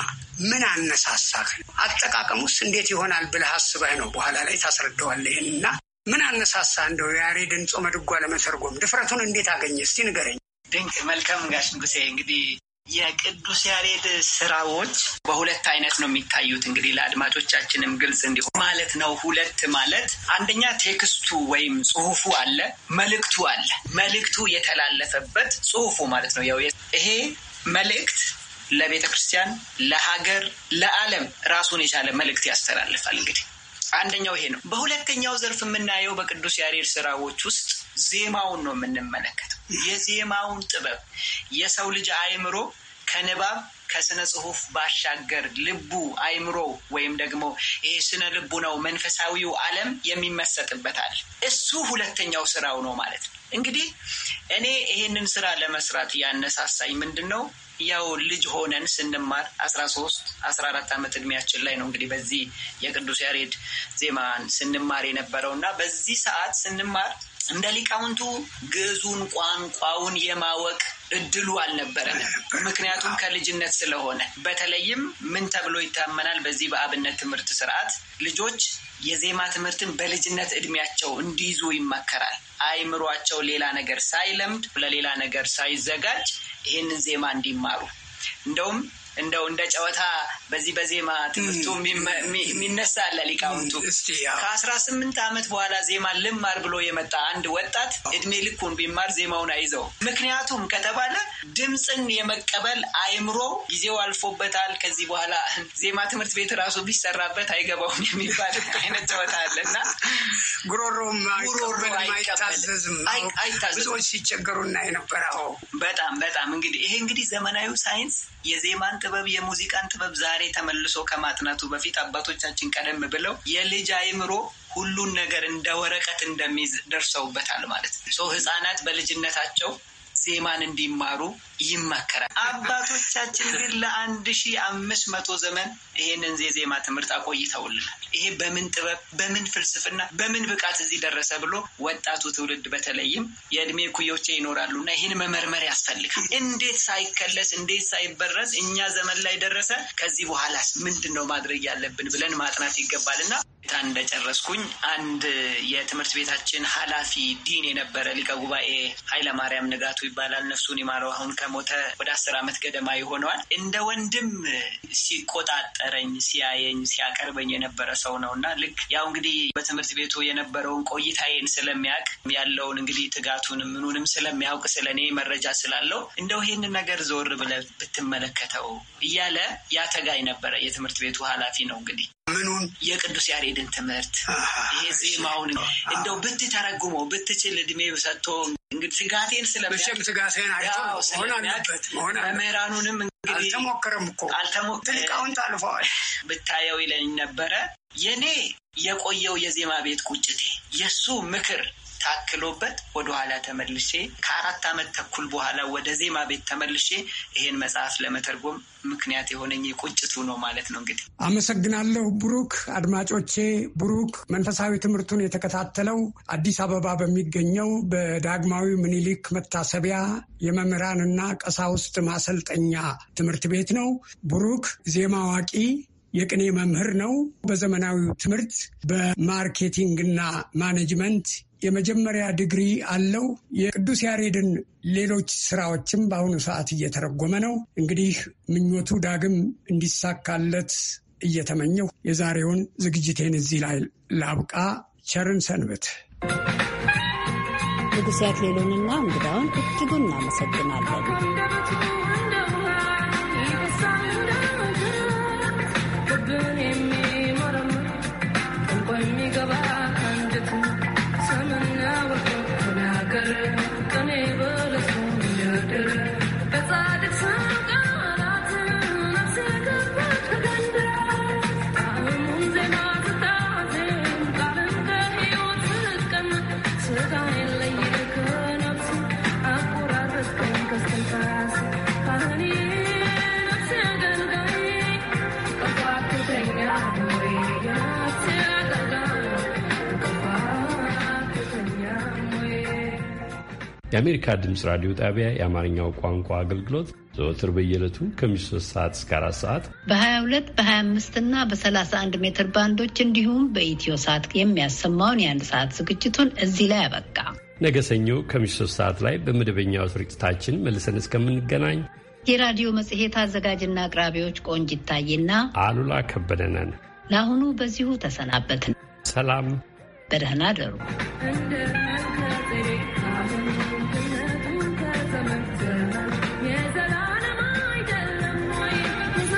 ምን አነሳሳህ? አጠቃቀሙስ እንዴት ይሆናል ብለህ አስበህ ነው? በኋላ ላይ ታስረዳዋለህ። ይህንና ምን አነሳሳ እንደው ያሬድን ጾመ ድጓ ለመተርጎም ድፍረቱን እንዴት አገኘ? እስቲ ንገረኝ። ድንቅ መልካም ጋሽ ንጉሴ። እንግዲህ የቅዱስ ያሬድ ስራዎች በሁለት አይነት ነው የሚታዩት። እንግዲህ ለአድማጮቻችንም ግልጽ እንዲሆን ማለት ነው። ሁለት ማለት አንደኛ ቴክስቱ ወይም ጽሁፉ አለ፣ መልእክቱ አለ። መልእክቱ የተላለፈበት ጽሁፉ ማለት ነው። ያው ይሄ መልእክት ለቤተ ክርስቲያን፣ ለሀገር፣ ለዓለም ራሱን የቻለ መልእክት ያስተላልፋል። እንግዲህ አንደኛው ይሄ ነው። በሁለተኛው ዘርፍ የምናየው በቅዱስ ያሬድ ስራዎች ውስጥ ዜማውን ነው የምንመለከተው። የዜማውን ጥበብ የሰው ልጅ አእምሮ ከንባብ ከስነ ጽሁፍ ባሻገር ልቡ አእምሮ ወይም ደግሞ ይሄ ስነ ልቡ ነው መንፈሳዊው ዓለም የሚመሰጥበታል። እሱ ሁለተኛው ስራው ነው ማለት ነው። እንግዲህ እኔ ይሄንን ስራ ለመስራት ያነሳሳኝ ምንድን ነው? ያው ልጅ ሆነን ስንማር አስራ ሶስት አስራ አራት ዓመት እድሜያችን ላይ ነው እንግዲህ በዚህ የቅዱስ ያሬድ ዜማን ስንማር የነበረው እና በዚህ ሰዓት ስንማር እንደ ሊቃውንቱ ግዕዙን ቋንቋውን የማወቅ እድሉ አልነበረንም። ምክንያቱም ከልጅነት ስለሆነ በተለይም ምን ተብሎ ይታመናል? በዚህ በአብነት ትምህርት ስርዓት ልጆች የዜማ ትምህርትን በልጅነት እድሜያቸው እንዲይዙ ይመከራል። አይምሯቸው ሌላ ነገር ሳይለምድ ለሌላ ነገር ሳይዘጋጅ ይህንን ዜማ እንዲማሩ እንደውም እንደው እንደ ጨዋታ በዚህ በዜማ ትምህርቱ የሚነሳ አለ ሊቃውንቱ። ከአስራ ስምንት ዓመት በኋላ ዜማ ልማር ብሎ የመጣ አንድ ወጣት እድሜ ልኩን ቢማር ዜማውን አይዘው። ምክንያቱም ከተባለ ድምፅን የመቀበል አይምሮ ጊዜው አልፎበታል። ከዚህ በኋላ ዜማ ትምህርት ቤት ራሱ ቢሰራበት አይገባውም የሚባል አይነት ጨዋታ አለ እና ጉሮሮም አይታዘዝም። ብዙዎች ሲቸገሩ እናይ ነበር። በጣም በጣም እንግዲህ ይሄ እንግዲህ ዘመናዊ ሳይንስ የዜማን ጥበብ የሙዚቃን ጥበብ ዛሬ ተመልሶ ከማጥናቱ በፊት አባቶቻችን ቀደም ብለው የልጅ አይምሮ ሁሉን ነገር እንደ ወረቀት እንደሚይዝ ደርሰውበታል ማለት ነው። ሰው ህጻናት በልጅነታቸው ዜማን እንዲማሩ ይመከራል። አባቶቻችን ግን ለአንድ ሺህ አምስት መቶ ዘመን ይሄንን የዜማ ትምህርት አቆይተውልናል። ይሄ በምን ጥበብ፣ በምን ፍልስፍና፣ በምን ብቃት እዚህ ደረሰ ብሎ ወጣቱ ትውልድ በተለይም የእድሜ ኩዮቼ እና ይህን መመርመር ያስፈልጋል። እንዴት ሳይከለስ፣ እንዴት ሳይበረዝ እኛ ዘመን ላይ ደረሰ፣ ከዚህ በኋላስ ምንድን ነው ማድረግ ያለብን ብለን ማጥናት ይገባልና ታ እንደጨረስኩኝ አንድ የትምህርት ቤታችን ኃላፊ ዲን የነበረ ሊቀ ጉባኤ ማርያም ንጋቱ ይባላል። ነፍሱን ይማረው። አሁን ከሞተ ወደ አስር ዓመት ገደማ ይሆነዋል። እንደ ወንድም ሲቆጣጠረኝ፣ ሲያየኝ፣ ሲያቀርበኝ የነበረ ሰው ነው እና ልክ ያው እንግዲህ በትምህርት ቤቱ የነበረውን ቆይታዬን ስለሚያውቅ ያለውን እንግዲህ ትጋቱን ምኑንም ስለሚያውቅ ስለ እኔ መረጃ ስላለው እንደው ይህንን ነገር ዞር ብለህ ብትመለከተው እያለ ያተጋይ ነበረ። የትምህርት ቤቱ ኃላፊ ነው እንግዲህ ምኑን የቅዱስ ያሬድን ትምህርት ይሄ ዜማውን እንደው ብትተረጉሞ ብትችል እድሜ ሰጥቶ እንግዲህ ስጋቴን ስለመቼም ስጋቴን መሆን አለበት መምህራኑንም አልተሞከረም እኮ ትልቃውን ታልፈዋል ብታየው ይለኝ ነበረ። የኔ የቆየው የዜማ ቤት ቁጭቴ የእሱ ምክር ወደ ወደኋላ ተመልሼ ከአራት ዓመት ተኩል በኋላ ወደ ዜማ ቤት ተመልሼ ይሄን መጽሐፍ ለመተርጎም ምክንያት የሆነኝ ቁጭቱ ነው ማለት ነው። እንግዲህ አመሰግናለሁ ብሩክ። አድማጮቼ ብሩክ መንፈሳዊ ትምህርቱን የተከታተለው አዲስ አበባ በሚገኘው በዳግማዊ ምኒልክ መታሰቢያ የመምህራንና ቀሳውስት ማሰልጠኛ ትምህርት ቤት ነው። ብሩክ ዜማ አዋቂ የቅኔ መምህር ነው። በዘመናዊው ትምህርት በማርኬቲንግና ማኔጅመንት የመጀመሪያ ዲግሪ አለው። የቅዱስ ያሬድን ሌሎች ስራዎችም በአሁኑ ሰዓት እየተረጎመ ነው። እንግዲህ ምኞቱ ዳግም እንዲሳካለት እየተመኘሁ የዛሬውን ዝግጅቴን እዚህ ላይ ላብቃ። ቸርን ሰንበት። ንጉሥ ያክሊሉንና እንግዳውን እጅጉን እናመሰግናለን። የአሜሪካ ድምፅ ራዲዮ ጣቢያ የአማርኛው ቋንቋ አገልግሎት ዘወትር በየዕለቱ ከምሽቱ 3 ሰዓት እስከ 4 ሰዓት በ22 በ25 እና በ31 ሜትር ባንዶች እንዲሁም በኢትዮ ሰዓት የሚያሰማውን የአንድ ሰዓት ዝግጅቱን እዚህ ላይ አበቃ። ነገ ሰኞ ከምሽቱ 3 ሰዓት ላይ በመደበኛው ስርጭታችን መልሰን እስከምንገናኝ የራዲዮ መጽሔት አዘጋጅና አቅራቢዎች ቆንጅ ይታይና አሉላ ከበደነን ለአሁኑ በዚሁ ተሰናበትን። ሰላም፣ በደህና አደሩ።